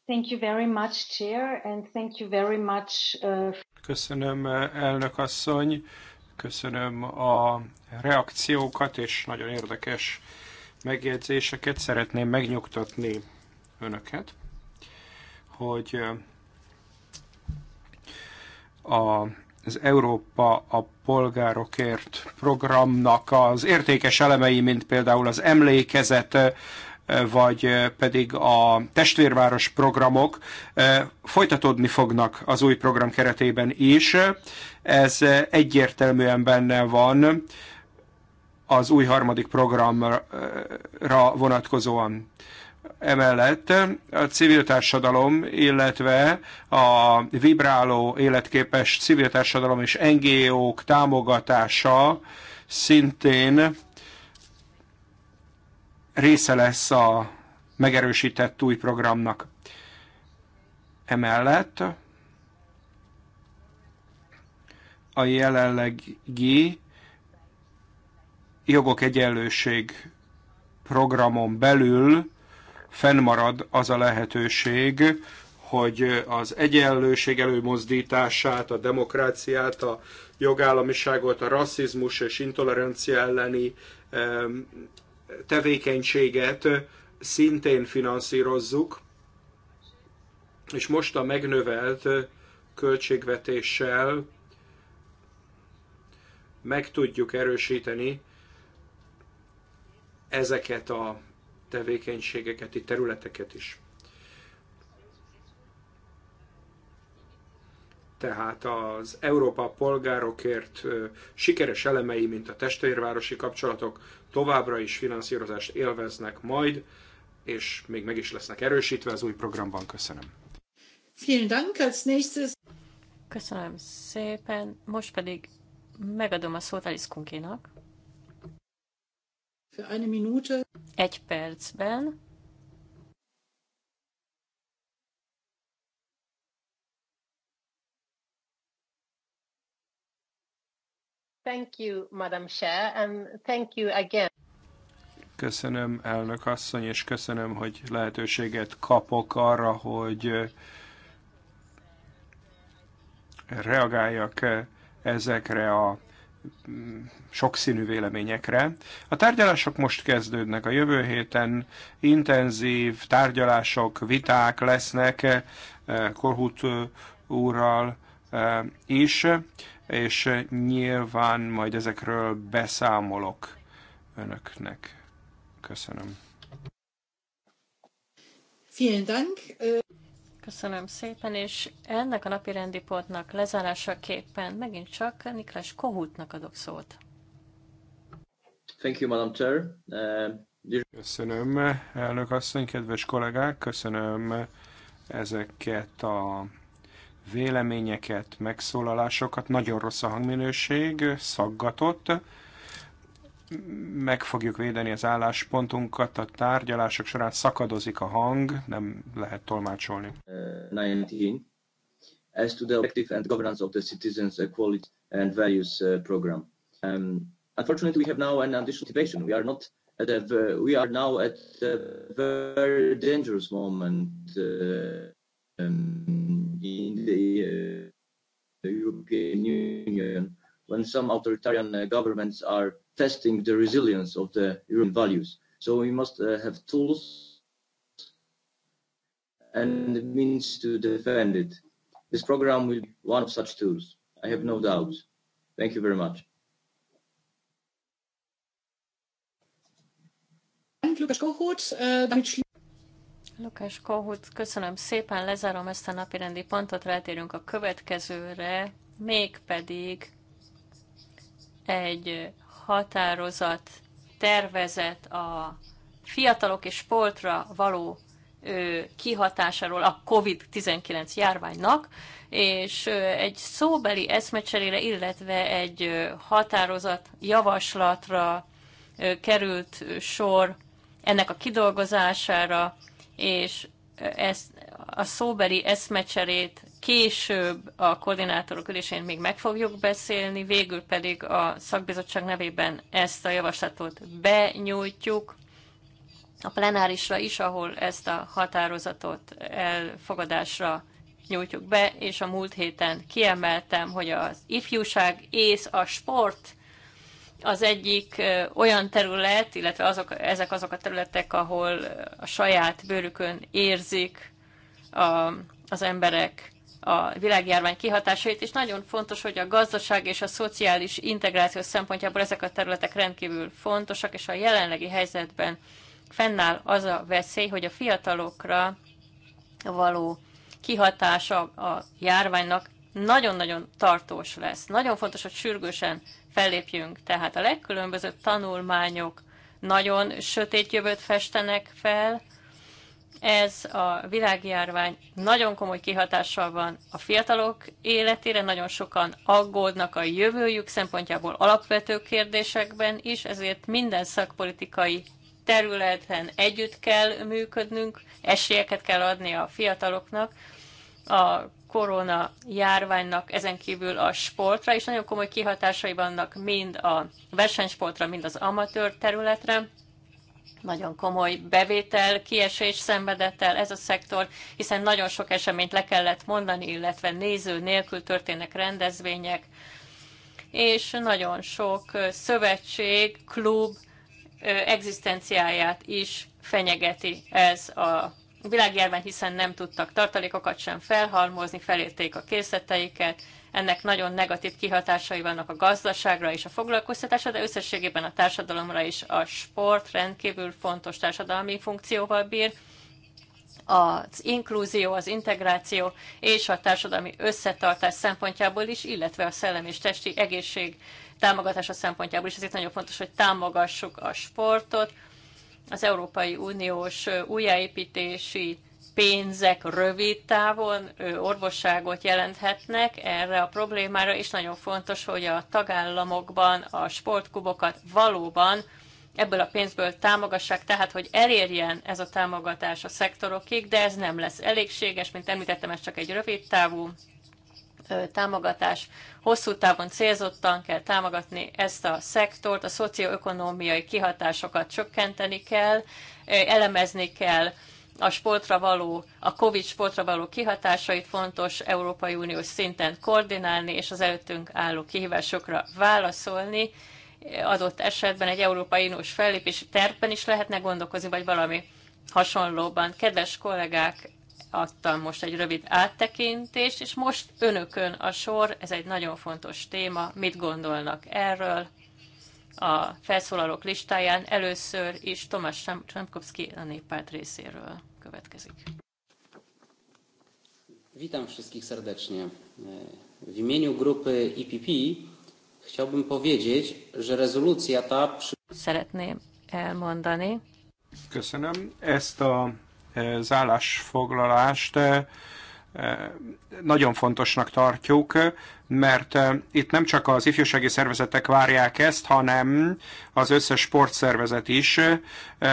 Thank you very much, Chair, and thank you very much. Uh... Köszönöm, elnök asszony, köszönöm a reakciókat és nagyon érdekes megjegyzéseket. Szeretném megnyugtatni önöket, hogy a az Európa a polgárokért programnak az értékes elemei, mint például az emlékezet, vagy pedig a testvérváros programok folytatódni fognak az új program keretében is. Ez egyértelműen benne van az új harmadik programra vonatkozóan. Emellett a civil társadalom, illetve a vibráló, életképes civil társadalom és NGO-k támogatása szintén része lesz a megerősített új programnak. Emellett a jelenlegi jogok egyenlőség programon belül fennmarad az a lehetőség, hogy az egyenlőség előmozdítását, a demokráciát, a jogállamiságot, a rasszizmus és intolerancia elleni tevékenységet szintén finanszírozzuk, és most a megnövelt költségvetéssel meg tudjuk erősíteni ezeket a tevékenységeket, itt területeket is. tehát az Európa polgárokért sikeres elemei, mint a testvérvárosi kapcsolatok továbbra is finanszírozást élveznek majd, és még meg is lesznek erősítve az új programban. Köszönöm. Köszönöm szépen. Most pedig megadom a szót Alice Kunkénak. Für eine Minute. Egy percben. Thank you, Madam Chair, and thank you again. Köszönöm, elnök asszony, és köszönöm, hogy lehetőséget kapok arra, hogy eh, reagáljak eh, ezekre a sokszínű véleményekre. A tárgyalások most kezdődnek, a jövő héten intenzív tárgyalások, viták lesznek eh, Korhut eh, úrral eh, is, és nyilván majd ezekről beszámolok önöknek. Köszönöm. Vielen Dank. Köszönöm szépen, és ennek a napi rendi pontnak lezárásaképpen megint csak Niklas Kohutnak adok szót. Thank you, Madam Chair. Uh, köszönöm, elnök asszony, kedves kollégák, köszönöm ezeket a véleményeket, megszólalásokat. Nagyon rossz a hangminőség, szaggatott meg fogjuk védeni az álláspontunkat, a tárgyalások során szakadozik a hang, nem lehet tolmácsolni. 19. Uh, As to the objective and governance of the citizens' equality and values uh, program. Um, unfortunately, we have now an additional situation. We are not at a, we are now at a very dangerous moment uh, um, in the uh, European Union when some authoritarian uh, governments are testing the resilience of the European values. So we must uh, have tools and the means to defend it. This program will be one of such tools. I have no doubt. Thank you very much. Lukás Kohut, uh, Kohut, köszönöm szépen, lezárom ezt a napirendi pontot, rátérünk a következőre, mégpedig egy határozat tervezet a fiatalok és sportra való kihatásáról a COVID-19 járványnak, és egy szóbeli eszmecserére, illetve egy határozat javaslatra került sor ennek a kidolgozására, és ezt a szóbeli eszmecserét később a koordinátorok ülésén még meg fogjuk beszélni, végül pedig a szakbizottság nevében ezt a javaslatot benyújtjuk a plenárisra is, ahol ezt a határozatot elfogadásra nyújtjuk be, és a múlt héten kiemeltem, hogy az ifjúság és a sport az egyik olyan terület, illetve azok, ezek azok a területek, ahol a saját bőrükön érzik a, az emberek a világjárvány kihatásait, és nagyon fontos, hogy a gazdaság és a szociális integráció szempontjából ezek a területek rendkívül fontosak, és a jelenlegi helyzetben fennáll az a veszély, hogy a fiatalokra való kihatása a járványnak nagyon-nagyon tartós lesz. Nagyon fontos, hogy sürgősen fellépjünk. Tehát a legkülönbözőbb tanulmányok nagyon sötét jövőt festenek fel, ez a világjárvány nagyon komoly kihatással van a fiatalok életére, nagyon sokan aggódnak a jövőjük szempontjából alapvető kérdésekben is, ezért minden szakpolitikai területen együtt kell működnünk, esélyeket kell adni a fiataloknak, a korona járványnak ezen kívül a sportra, és nagyon komoly kihatásai vannak mind a versenysportra, mind az amatőr területre nagyon komoly bevétel kiesés szenvedett el ez a szektor, hiszen nagyon sok eseményt le kellett mondani, illetve néző nélkül történnek rendezvények, és nagyon sok szövetség, klub egzisztenciáját is fenyegeti ez a világjárvány, hiszen nem tudtak tartalékokat sem felhalmozni, felérték a készleteiket, ennek nagyon negatív kihatásai vannak a gazdaságra és a foglalkoztatásra, de összességében a társadalomra is a sport rendkívül fontos társadalmi funkcióval bír az inkluzió, az integráció és a társadalmi összetartás szempontjából is, illetve a szellem és testi egészség támogatása szempontjából is. Ezért nagyon fontos, hogy támogassuk a sportot. Az Európai Uniós újjáépítési pénzek rövid távon orvosságot jelenthetnek erre a problémára, és nagyon fontos, hogy a tagállamokban a sportkubokat valóban ebből a pénzből támogassák, tehát hogy elérjen ez a támogatás a szektorokig, de ez nem lesz elégséges, mint említettem, ez csak egy rövid távú támogatás. Hosszú távon célzottan kell támogatni ezt a szektort, a szocioökonómiai kihatásokat csökkenteni kell, elemezni kell a sportra való, a COVID sportra való kihatásait fontos Európai Uniós szinten koordinálni, és az előttünk álló kihívásokra válaszolni. Adott esetben egy Európai Uniós fellépési terpen is lehetne gondolkozni, vagy valami hasonlóban. Kedves kollégák, adtam most egy rövid áttekintést, és most önökön a sor, ez egy nagyon fontos téma, mit gondolnak erről a felszólalók listáján. Először is Tomás Semkovszki a néppárt részéről következik. Witam wszystkich serdecznie. W imieniu grupy IPP e chciałbym powiedzieć, że rezolucja ta... Przy... Szeretném elmondani. Köszönöm. Ezt a, az e, foglalást e, nagyon fontosnak tartjuk, mert itt nem csak az ifjúsági szervezetek várják ezt, hanem az összes sportszervezet is,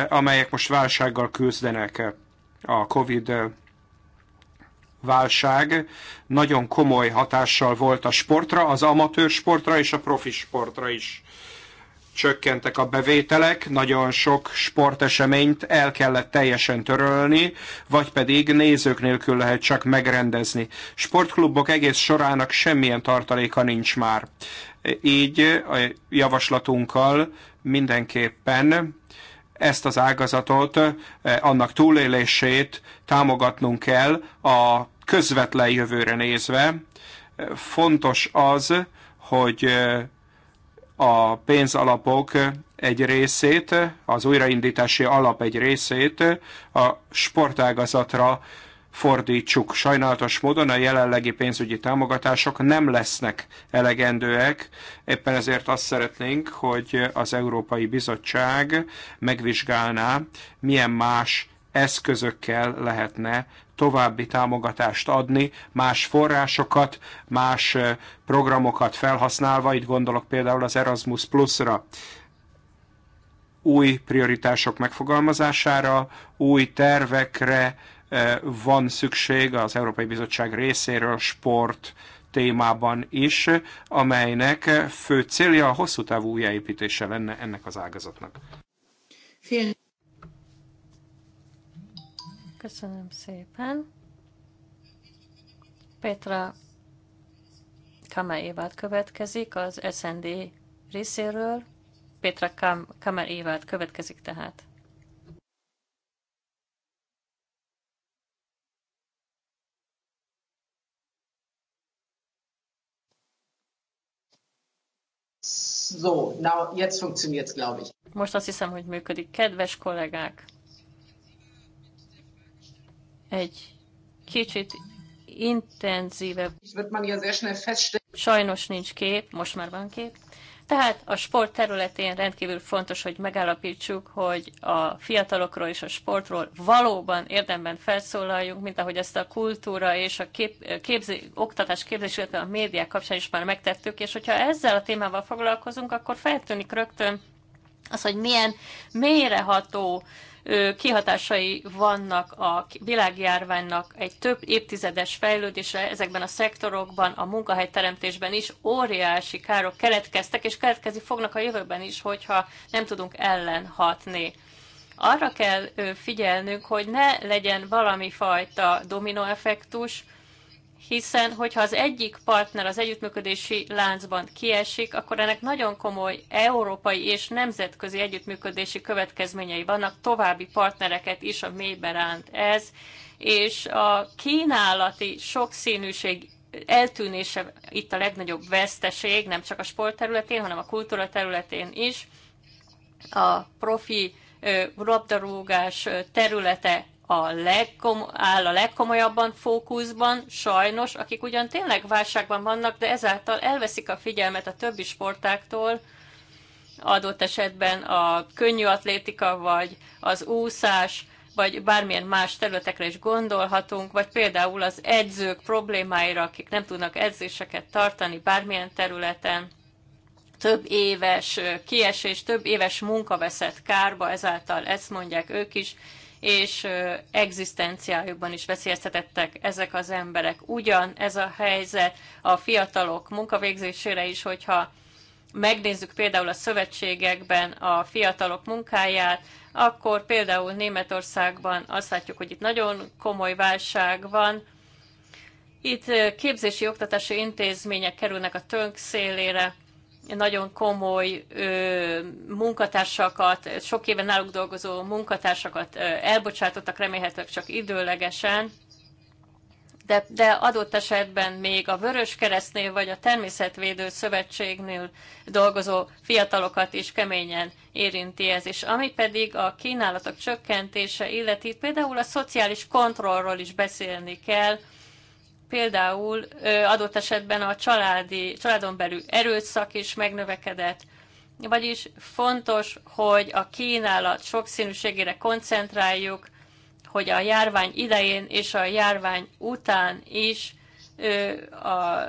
amelyek most válsággal küzdenek a Covid válság nagyon komoly hatással volt a sportra, az amatőr sportra és a profi sportra is. Csökkentek a bevételek, nagyon sok sporteseményt el kellett teljesen törölni, vagy pedig nézők nélkül lehet csak megrendezni. Sportklubok egész sorának semmilyen tartaléka nincs már. Így a javaslatunkkal mindenképpen ezt az ágazatot, eh, annak túlélését támogatnunk kell a közvetlen jövőre nézve. Fontos az, hogy eh, a pénzalapok egy részét, az újraindítási alap egy részét a sportágazatra fordítsuk. Sajnálatos módon a jelenlegi pénzügyi támogatások nem lesznek elegendőek, éppen ezért azt szeretnénk, hogy az Európai Bizottság megvizsgálná, milyen más eszközökkel lehetne további támogatást adni, más forrásokat, más programokat felhasználva, itt gondolok például az Erasmus Plus-ra, új prioritások megfogalmazására, új tervekre, Eh, van szükség az Európai Bizottság részéről sport témában is, amelynek fő célja a hosszú távú újjáépítése lenne ennek az ágazatnak. Köszönöm szépen. Petra Kamel Évát következik az SND részéről. Petra Kam Évát következik tehát. So, now, jetzt funktioniert es, glaube ich. Most azt hiszem, hogy működik. Kedves kollégák, egy kicsit intenzívebb. Sajnos nincs kép, most már van kép. Tehát a sport területén rendkívül fontos, hogy megállapítsuk, hogy a fiatalokról és a sportról valóban érdemben felszólaljunk, mint ahogy ezt a kultúra és a kép, képzi, oktatás képzés, illetve a médiák kapcsán is már megtettük, és hogyha ezzel a témával foglalkozunk, akkor feltűnik rögtön az, hogy milyen mélyreható kihatásai vannak a világjárványnak egy több évtizedes fejlődésre, ezekben a szektorokban, a munkahelyteremtésben is óriási károk keletkeztek, és keletkezni fognak a jövőben is, hogyha nem tudunk ellenhatni. Arra kell figyelnünk, hogy ne legyen valami fajta dominoeffektus, hiszen hogyha az egyik partner az együttműködési láncban kiesik, akkor ennek nagyon komoly európai és nemzetközi együttműködési következményei vannak, további partnereket is a mélybe ránt ez, és a kínálati sokszínűség eltűnése itt a legnagyobb veszteség, nem csak a sport területén, hanem a kultúra területén is. A profi labdarúgás területe a legkom- áll a legkomolyabban fókuszban, sajnos, akik ugyan tényleg válságban vannak, de ezáltal elveszik a figyelmet a többi sportáktól, adott esetben a könnyű atlétika, vagy az úszás, vagy bármilyen más területekre is gondolhatunk, vagy például az edzők problémáira, akik nem tudnak edzéseket tartani bármilyen területen, több éves kiesés, több éves munka veszett kárba, ezáltal ezt mondják ők is, és egzisztenciájukban is veszélyeztetettek ezek az emberek. Ugyan ez a helyzet a fiatalok munkavégzésére is, hogyha megnézzük például a szövetségekben a fiatalok munkáját, akkor például Németországban azt látjuk, hogy itt nagyon komoly válság van. Itt képzési oktatási intézmények kerülnek a tönk szélére, nagyon komoly ö, munkatársakat, sok éve náluk dolgozó munkatársakat ö, elbocsátottak, remélhetőleg csak időlegesen, de, de adott esetben még a Vörös Keresztnél vagy a Természetvédő Szövetségnél dolgozó fiatalokat is keményen érinti ez és Ami pedig a kínálatok csökkentése illeti, például a szociális kontrollról is beszélni kell, például adott esetben a családi, családon belül erőszak is megnövekedett, vagyis fontos, hogy a kínálat sokszínűségére koncentráljuk, hogy a járvány idején és a járvány után is ö, a,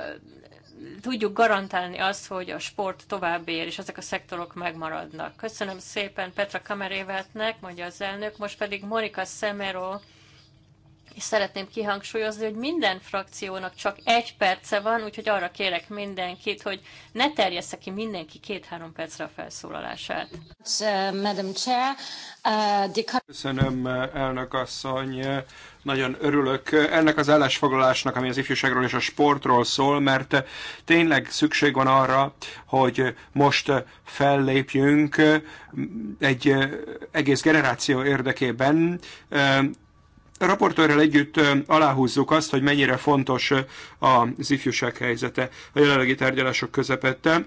tudjuk garantálni azt, hogy a sport tovább ér, és ezek a szektorok megmaradnak. Köszönöm szépen Petra Kamerévetnek, mondja az elnök, most pedig Monika Szemero, és szeretném kihangsúlyozni, hogy minden frakciónak csak egy perce van, úgyhogy arra kérek mindenkit, hogy ne terjessze ki mindenki két-három percre a felszólalását. Uh, Köszönöm, elnök asszony. Nagyon örülök ennek az állásfoglalásnak, ami az ifjúságról és a sportról szól, mert tényleg szükség van arra, hogy most fellépjünk egy egész generáció érdekében a raportőrrel együtt aláhúzzuk azt, hogy mennyire fontos az ifjúság helyzete a jelenlegi tárgyalások közepette.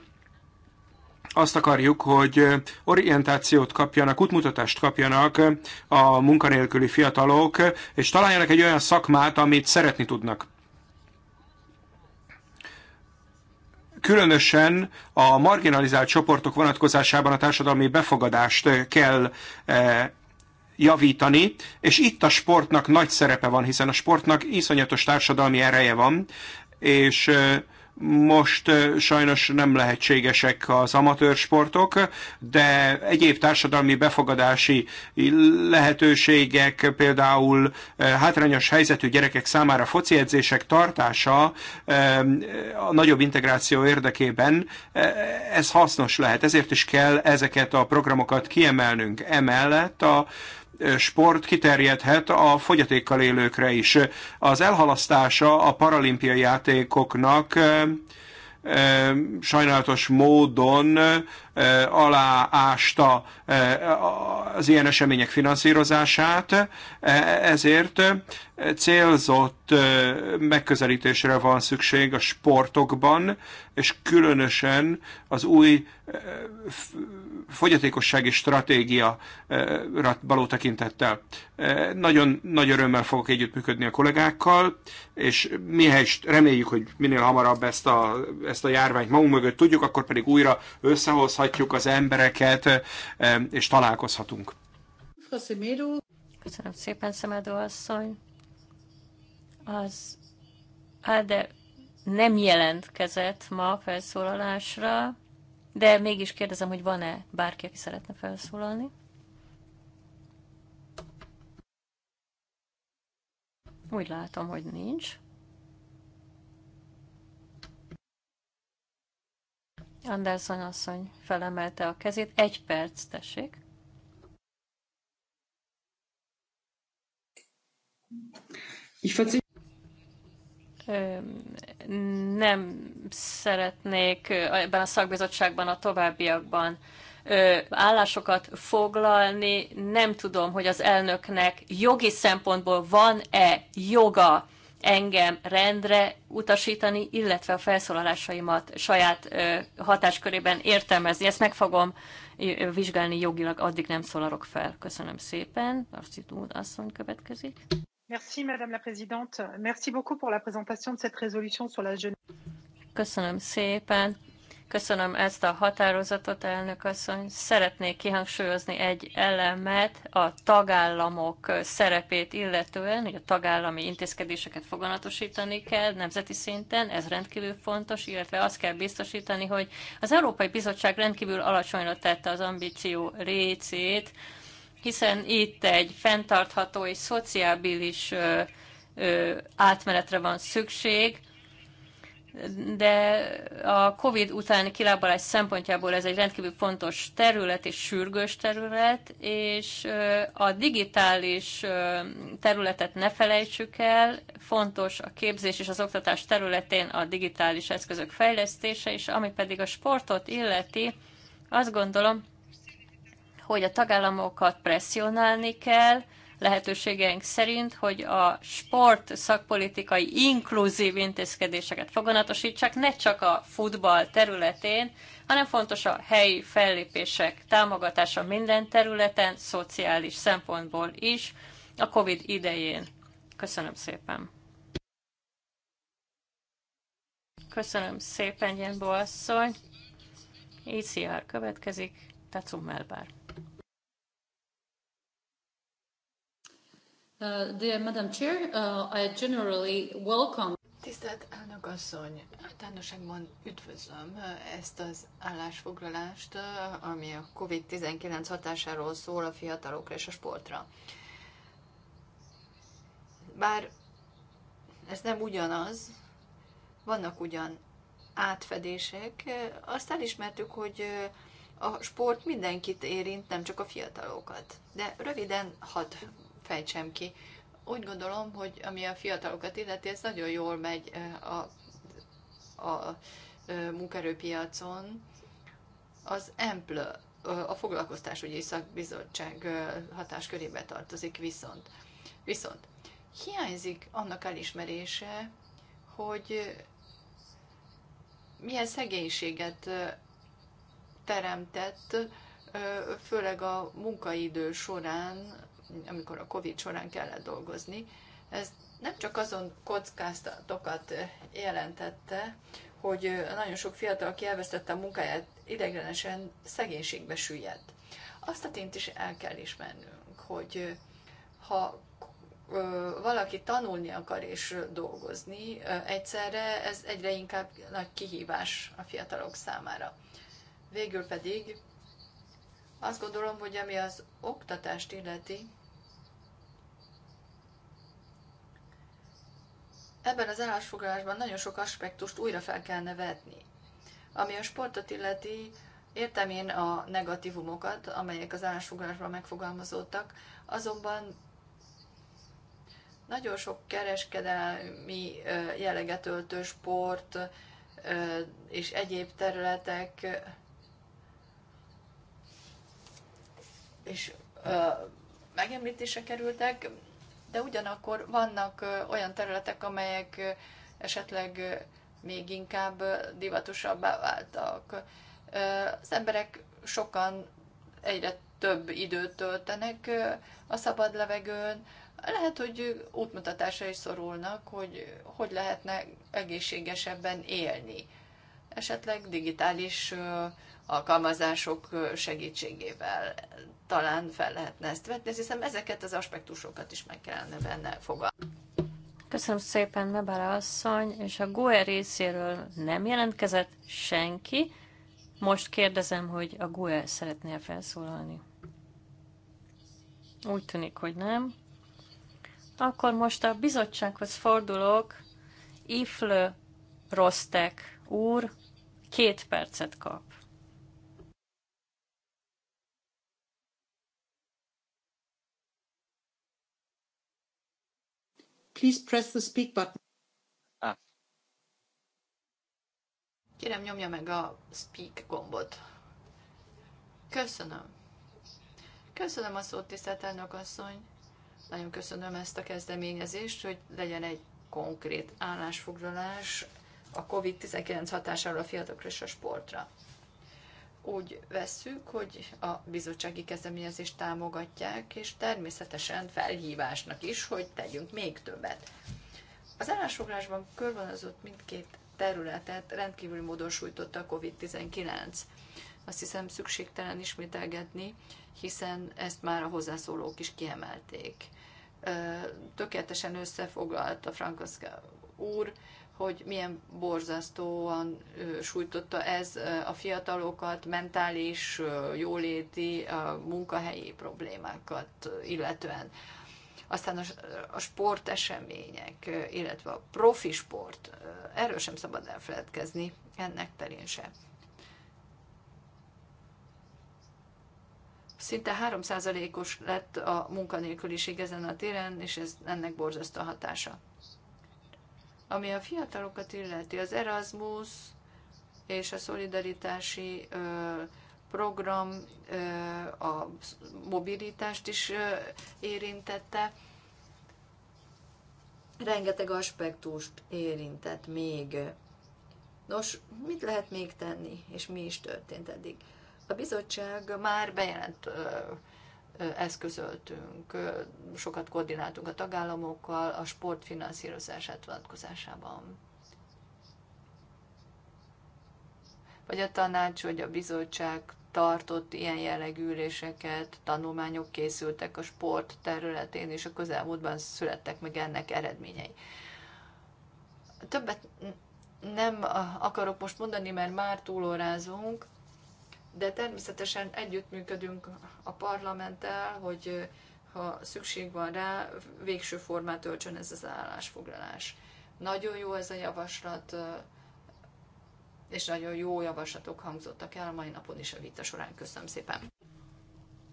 Azt akarjuk, hogy orientációt kapjanak, útmutatást kapjanak a munkanélküli fiatalok, és találjanak egy olyan szakmát, amit szeretni tudnak. különösen a marginalizált csoportok vonatkozásában a társadalmi befogadást kell javítani, és itt a sportnak nagy szerepe van, hiszen a sportnak iszonyatos társadalmi ereje van, és most sajnos nem lehetségesek az amatőr sportok, de egyéb társadalmi befogadási lehetőségek, például hátrányos helyzetű gyerekek számára foci edzések tartása a nagyobb integráció érdekében, ez hasznos lehet. Ezért is kell ezeket a programokat kiemelnünk. Emellett a sport kiterjedhet a fogyatékkal élőkre is. Az elhalasztása a paralimpiai játékoknak sajnálatos módon aláásta az ilyen események finanszírozását, ezért célzott megközelítésre van szükség a sportokban, és különösen az új fogyatékossági stratégia eh, való tekintettel. Eh, nagyon nagy örömmel fogok együttműködni a kollégákkal, és mihez reméljük, hogy minél hamarabb ezt a, ezt a járványt magunk mögött tudjuk, akkor pedig újra összehozhatjuk az embereket, eh, és találkozhatunk. Köszönöm szépen, Szemedó asszony. Az, á, de nem jelentkezett ma felszólalásra de mégis kérdezem, hogy van-e bárki, aki szeretne felszólalni? Úgy látom, hogy nincs. Anderson asszony felemelte a kezét. Egy perc, tessék nem szeretnék ebben a szakbizottságban a továbbiakban állásokat foglalni. Nem tudom, hogy az elnöknek jogi szempontból van-e joga engem rendre utasítani, illetve a felszólalásaimat saját hatáskörében értelmezni. Ezt meg fogom vizsgálni jogilag, addig nem szólalok fel. Köszönöm szépen. Arcid úr asszony következik. Merci, Madame la Présidente. Merci beaucoup pour la présentation de cette résolution sur la jeunesse. Köszönöm szépen. Köszönöm ezt a határozatot, elnök asszony. Szeretnék kihangsúlyozni egy elemet a tagállamok szerepét illetően, hogy a tagállami intézkedéseket foganatosítani kell nemzeti szinten, ez rendkívül fontos, illetve azt kell biztosítani, hogy az Európai Bizottság rendkívül alacsonyra tette az ambíció récét, hiszen itt egy fenntartható és szociábilis ö, ö, átmenetre van szükség, de a COVID utáni kilábalás szempontjából ez egy rendkívül fontos terület és sürgős terület, és a digitális területet ne felejtsük el, fontos a képzés és az oktatás területén a digitális eszközök fejlesztése, és ami pedig a sportot illeti, azt gondolom, hogy a tagállamokat presszionálni kell, lehetőségeink szerint, hogy a sport szakpolitikai inkluzív intézkedéseket foganatosítsák, ne csak a futball területén, hanem fontos a helyi fellépések támogatása minden területen, szociális szempontból is, a COVID idején. Köszönöm szépen! Köszönöm szépen, Jenbo asszony! ICR következik, Tatsum Melbár. Uh, dear Madam Chair, uh, I generally welcome Tisztelt elnök asszony, általánosságban üdvözlöm uh, ezt az állásfoglalást, uh, ami a COVID-19 hatásáról szól a fiatalokra és a sportra. Bár ez nem ugyanaz, vannak ugyan átfedések, azt elismertük, hogy a sport mindenkit érint, nem csak a fiatalokat. De röviden hadd fejtsem ki. Úgy gondolom, hogy ami a fiatalokat illeti, ez nagyon jól megy a, a, a munkerőpiacon. Az EMPL, a foglalkoztásügyi szakbizottság hatáskörébe tartozik viszont. Viszont hiányzik annak elismerése, hogy milyen szegénységet teremtett, főleg a munkaidő során amikor a COVID során kellett dolgozni, ez nem csak azon kockáztatokat jelentette, hogy nagyon sok fiatal, aki elvesztette a munkáját, ideglenesen szegénységbe süllyedt. Azt a tényt is el kell ismernünk, hogy ha valaki tanulni akar és dolgozni egyszerre, ez egyre inkább nagy kihívás a fiatalok számára. Végül pedig azt gondolom, hogy ami az oktatást illeti, ebben az állásfoglalásban nagyon sok aspektust újra fel kellene vetni. Ami a sportot illeti, értem én a negatívumokat, amelyek az állásfoglalásban megfogalmazódtak, azonban nagyon sok kereskedelmi jelleget öltő sport és egyéb területek és ö, megemlítése kerültek, de ugyanakkor vannak olyan területek, amelyek esetleg még inkább divatosabbá váltak. Az emberek sokan egyre több időt töltenek a szabad levegőn, lehet, hogy útmutatásra is szorulnak, hogy hogy lehetne egészségesebben élni. Esetleg digitális alkalmazások segítségével talán fel lehetne ezt vetni, és hiszem ezeket az aspektusokat is meg kellene benne fogalni. Köszönöm szépen, Mebara asszony, és a GUE részéről nem jelentkezett senki. Most kérdezem, hogy a GUE szeretné felszólalni. Úgy tűnik, hogy nem. Akkor most a bizottsághoz fordulok. Ifl Rostek úr két percet kap. Please press the speak button. Ah. Kérem, nyomja meg a speak gombot. Köszönöm. Köszönöm a szót, tisztelt elnök asszony. Nagyon köszönöm ezt a kezdeményezést, hogy legyen egy konkrét állásfoglalás a COVID-19 hatására a fiatalokra és a sportra úgy vesszük, hogy a bizottsági kezdeményezést támogatják, és természetesen felhívásnak is, hogy tegyünk még többet. Az állásfoglásban körvonalazott mindkét területet rendkívül módon sújtotta a COVID-19. Azt hiszem szükségtelen ismételgetni, hiszen ezt már a hozzászólók is kiemelték. Tökéletesen összefoglalt a Frankoszka úr, hogy milyen borzasztóan sújtotta ez a fiatalokat, mentális, jóléti, munkahelyi problémákat illetően. Aztán a sportesemények, illetve a profi sport, erről sem szabad elfeledkezni, ennek terén sem. Szinte 3%-os lett a munkanélküliség ezen a téren, és ez ennek borzasztó hatása. Ami a fiatalokat illeti, az Erasmus és a szolidaritási program a mobilitást is érintette. Rengeteg aspektust érintett még. Nos, mit lehet még tenni, és mi is történt eddig? A bizottság már bejelent eszközöltünk, sokat koordináltunk a tagállamokkal a sport finanszírozását vonatkozásában. Vagy a tanács, hogy a bizottság tartott ilyen jellegű üléseket, tanulmányok készültek a sport területén, és a közelmúltban születtek meg ennek eredményei. Többet nem akarok most mondani, mert már túlórázunk, de természetesen együttműködünk a parlamenttel, hogy ha szükség van rá, végső formát öltsön ez az állásfoglalás. Nagyon jó ez a javaslat, és nagyon jó javaslatok hangzottak el a mai napon is a vita során. Köszönöm szépen!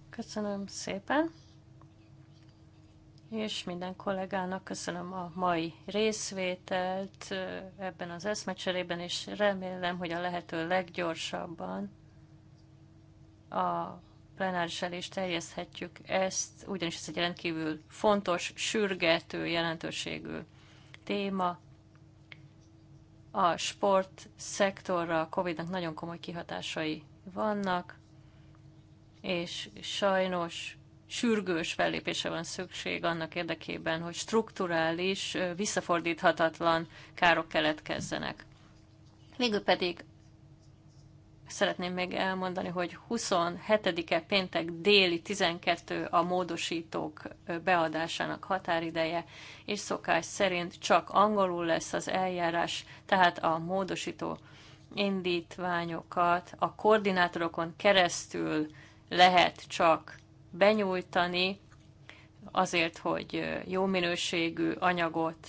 Köszönöm szépen! És minden kollégának köszönöm a mai részvételt ebben az eszmecserében, és remélem, hogy a lehető leggyorsabban a plenáris elé is terjeszthetjük ezt, ugyanis ez egy rendkívül fontos, sürgető, jelentőségű téma. A sport szektorra a Covid-nak nagyon komoly kihatásai vannak, és sajnos sürgős fellépése van szükség annak érdekében, hogy strukturális, visszafordíthatatlan károk keletkezzenek. Végül pedig Szeretném még elmondani, hogy 27-e péntek déli 12 a módosítók beadásának határideje, és szokás szerint csak angolul lesz az eljárás, tehát a módosító indítványokat a koordinátorokon keresztül lehet csak benyújtani, azért, hogy jó minőségű anyagot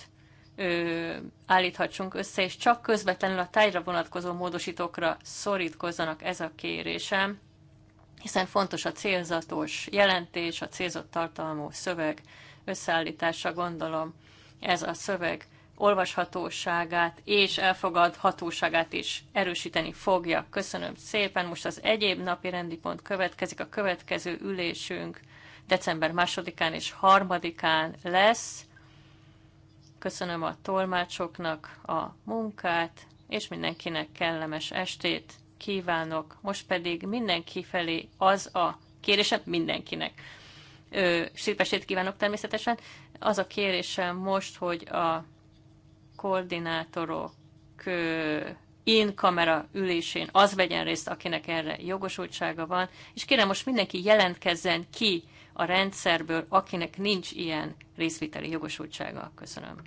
ö, állíthatsunk össze, és csak közvetlenül a tájra vonatkozó módosítókra szorítkozzanak ez a kérésem, hiszen fontos a célzatos jelentés, a célzott tartalmú szöveg összeállítása, gondolom ez a szöveg olvashatóságát és elfogadhatóságát is erősíteni fogja. Köszönöm szépen. Most az egyéb napi rendi pont következik. A következő ülésünk december másodikán és harmadikán lesz Köszönöm a tolmácsoknak a munkát, és mindenkinek kellemes estét kívánok. Most pedig mindenki felé az a kérésem, mindenkinek. Ö, kívánok természetesen. Az a kérésem most, hogy a koordinátorok ö, in kamera ülésén az vegyen részt, akinek erre jogosultsága van, és kérem most mindenki jelentkezzen ki, a rendszerből, akinek nincs ilyen részvételi jogosultsága. Köszönöm.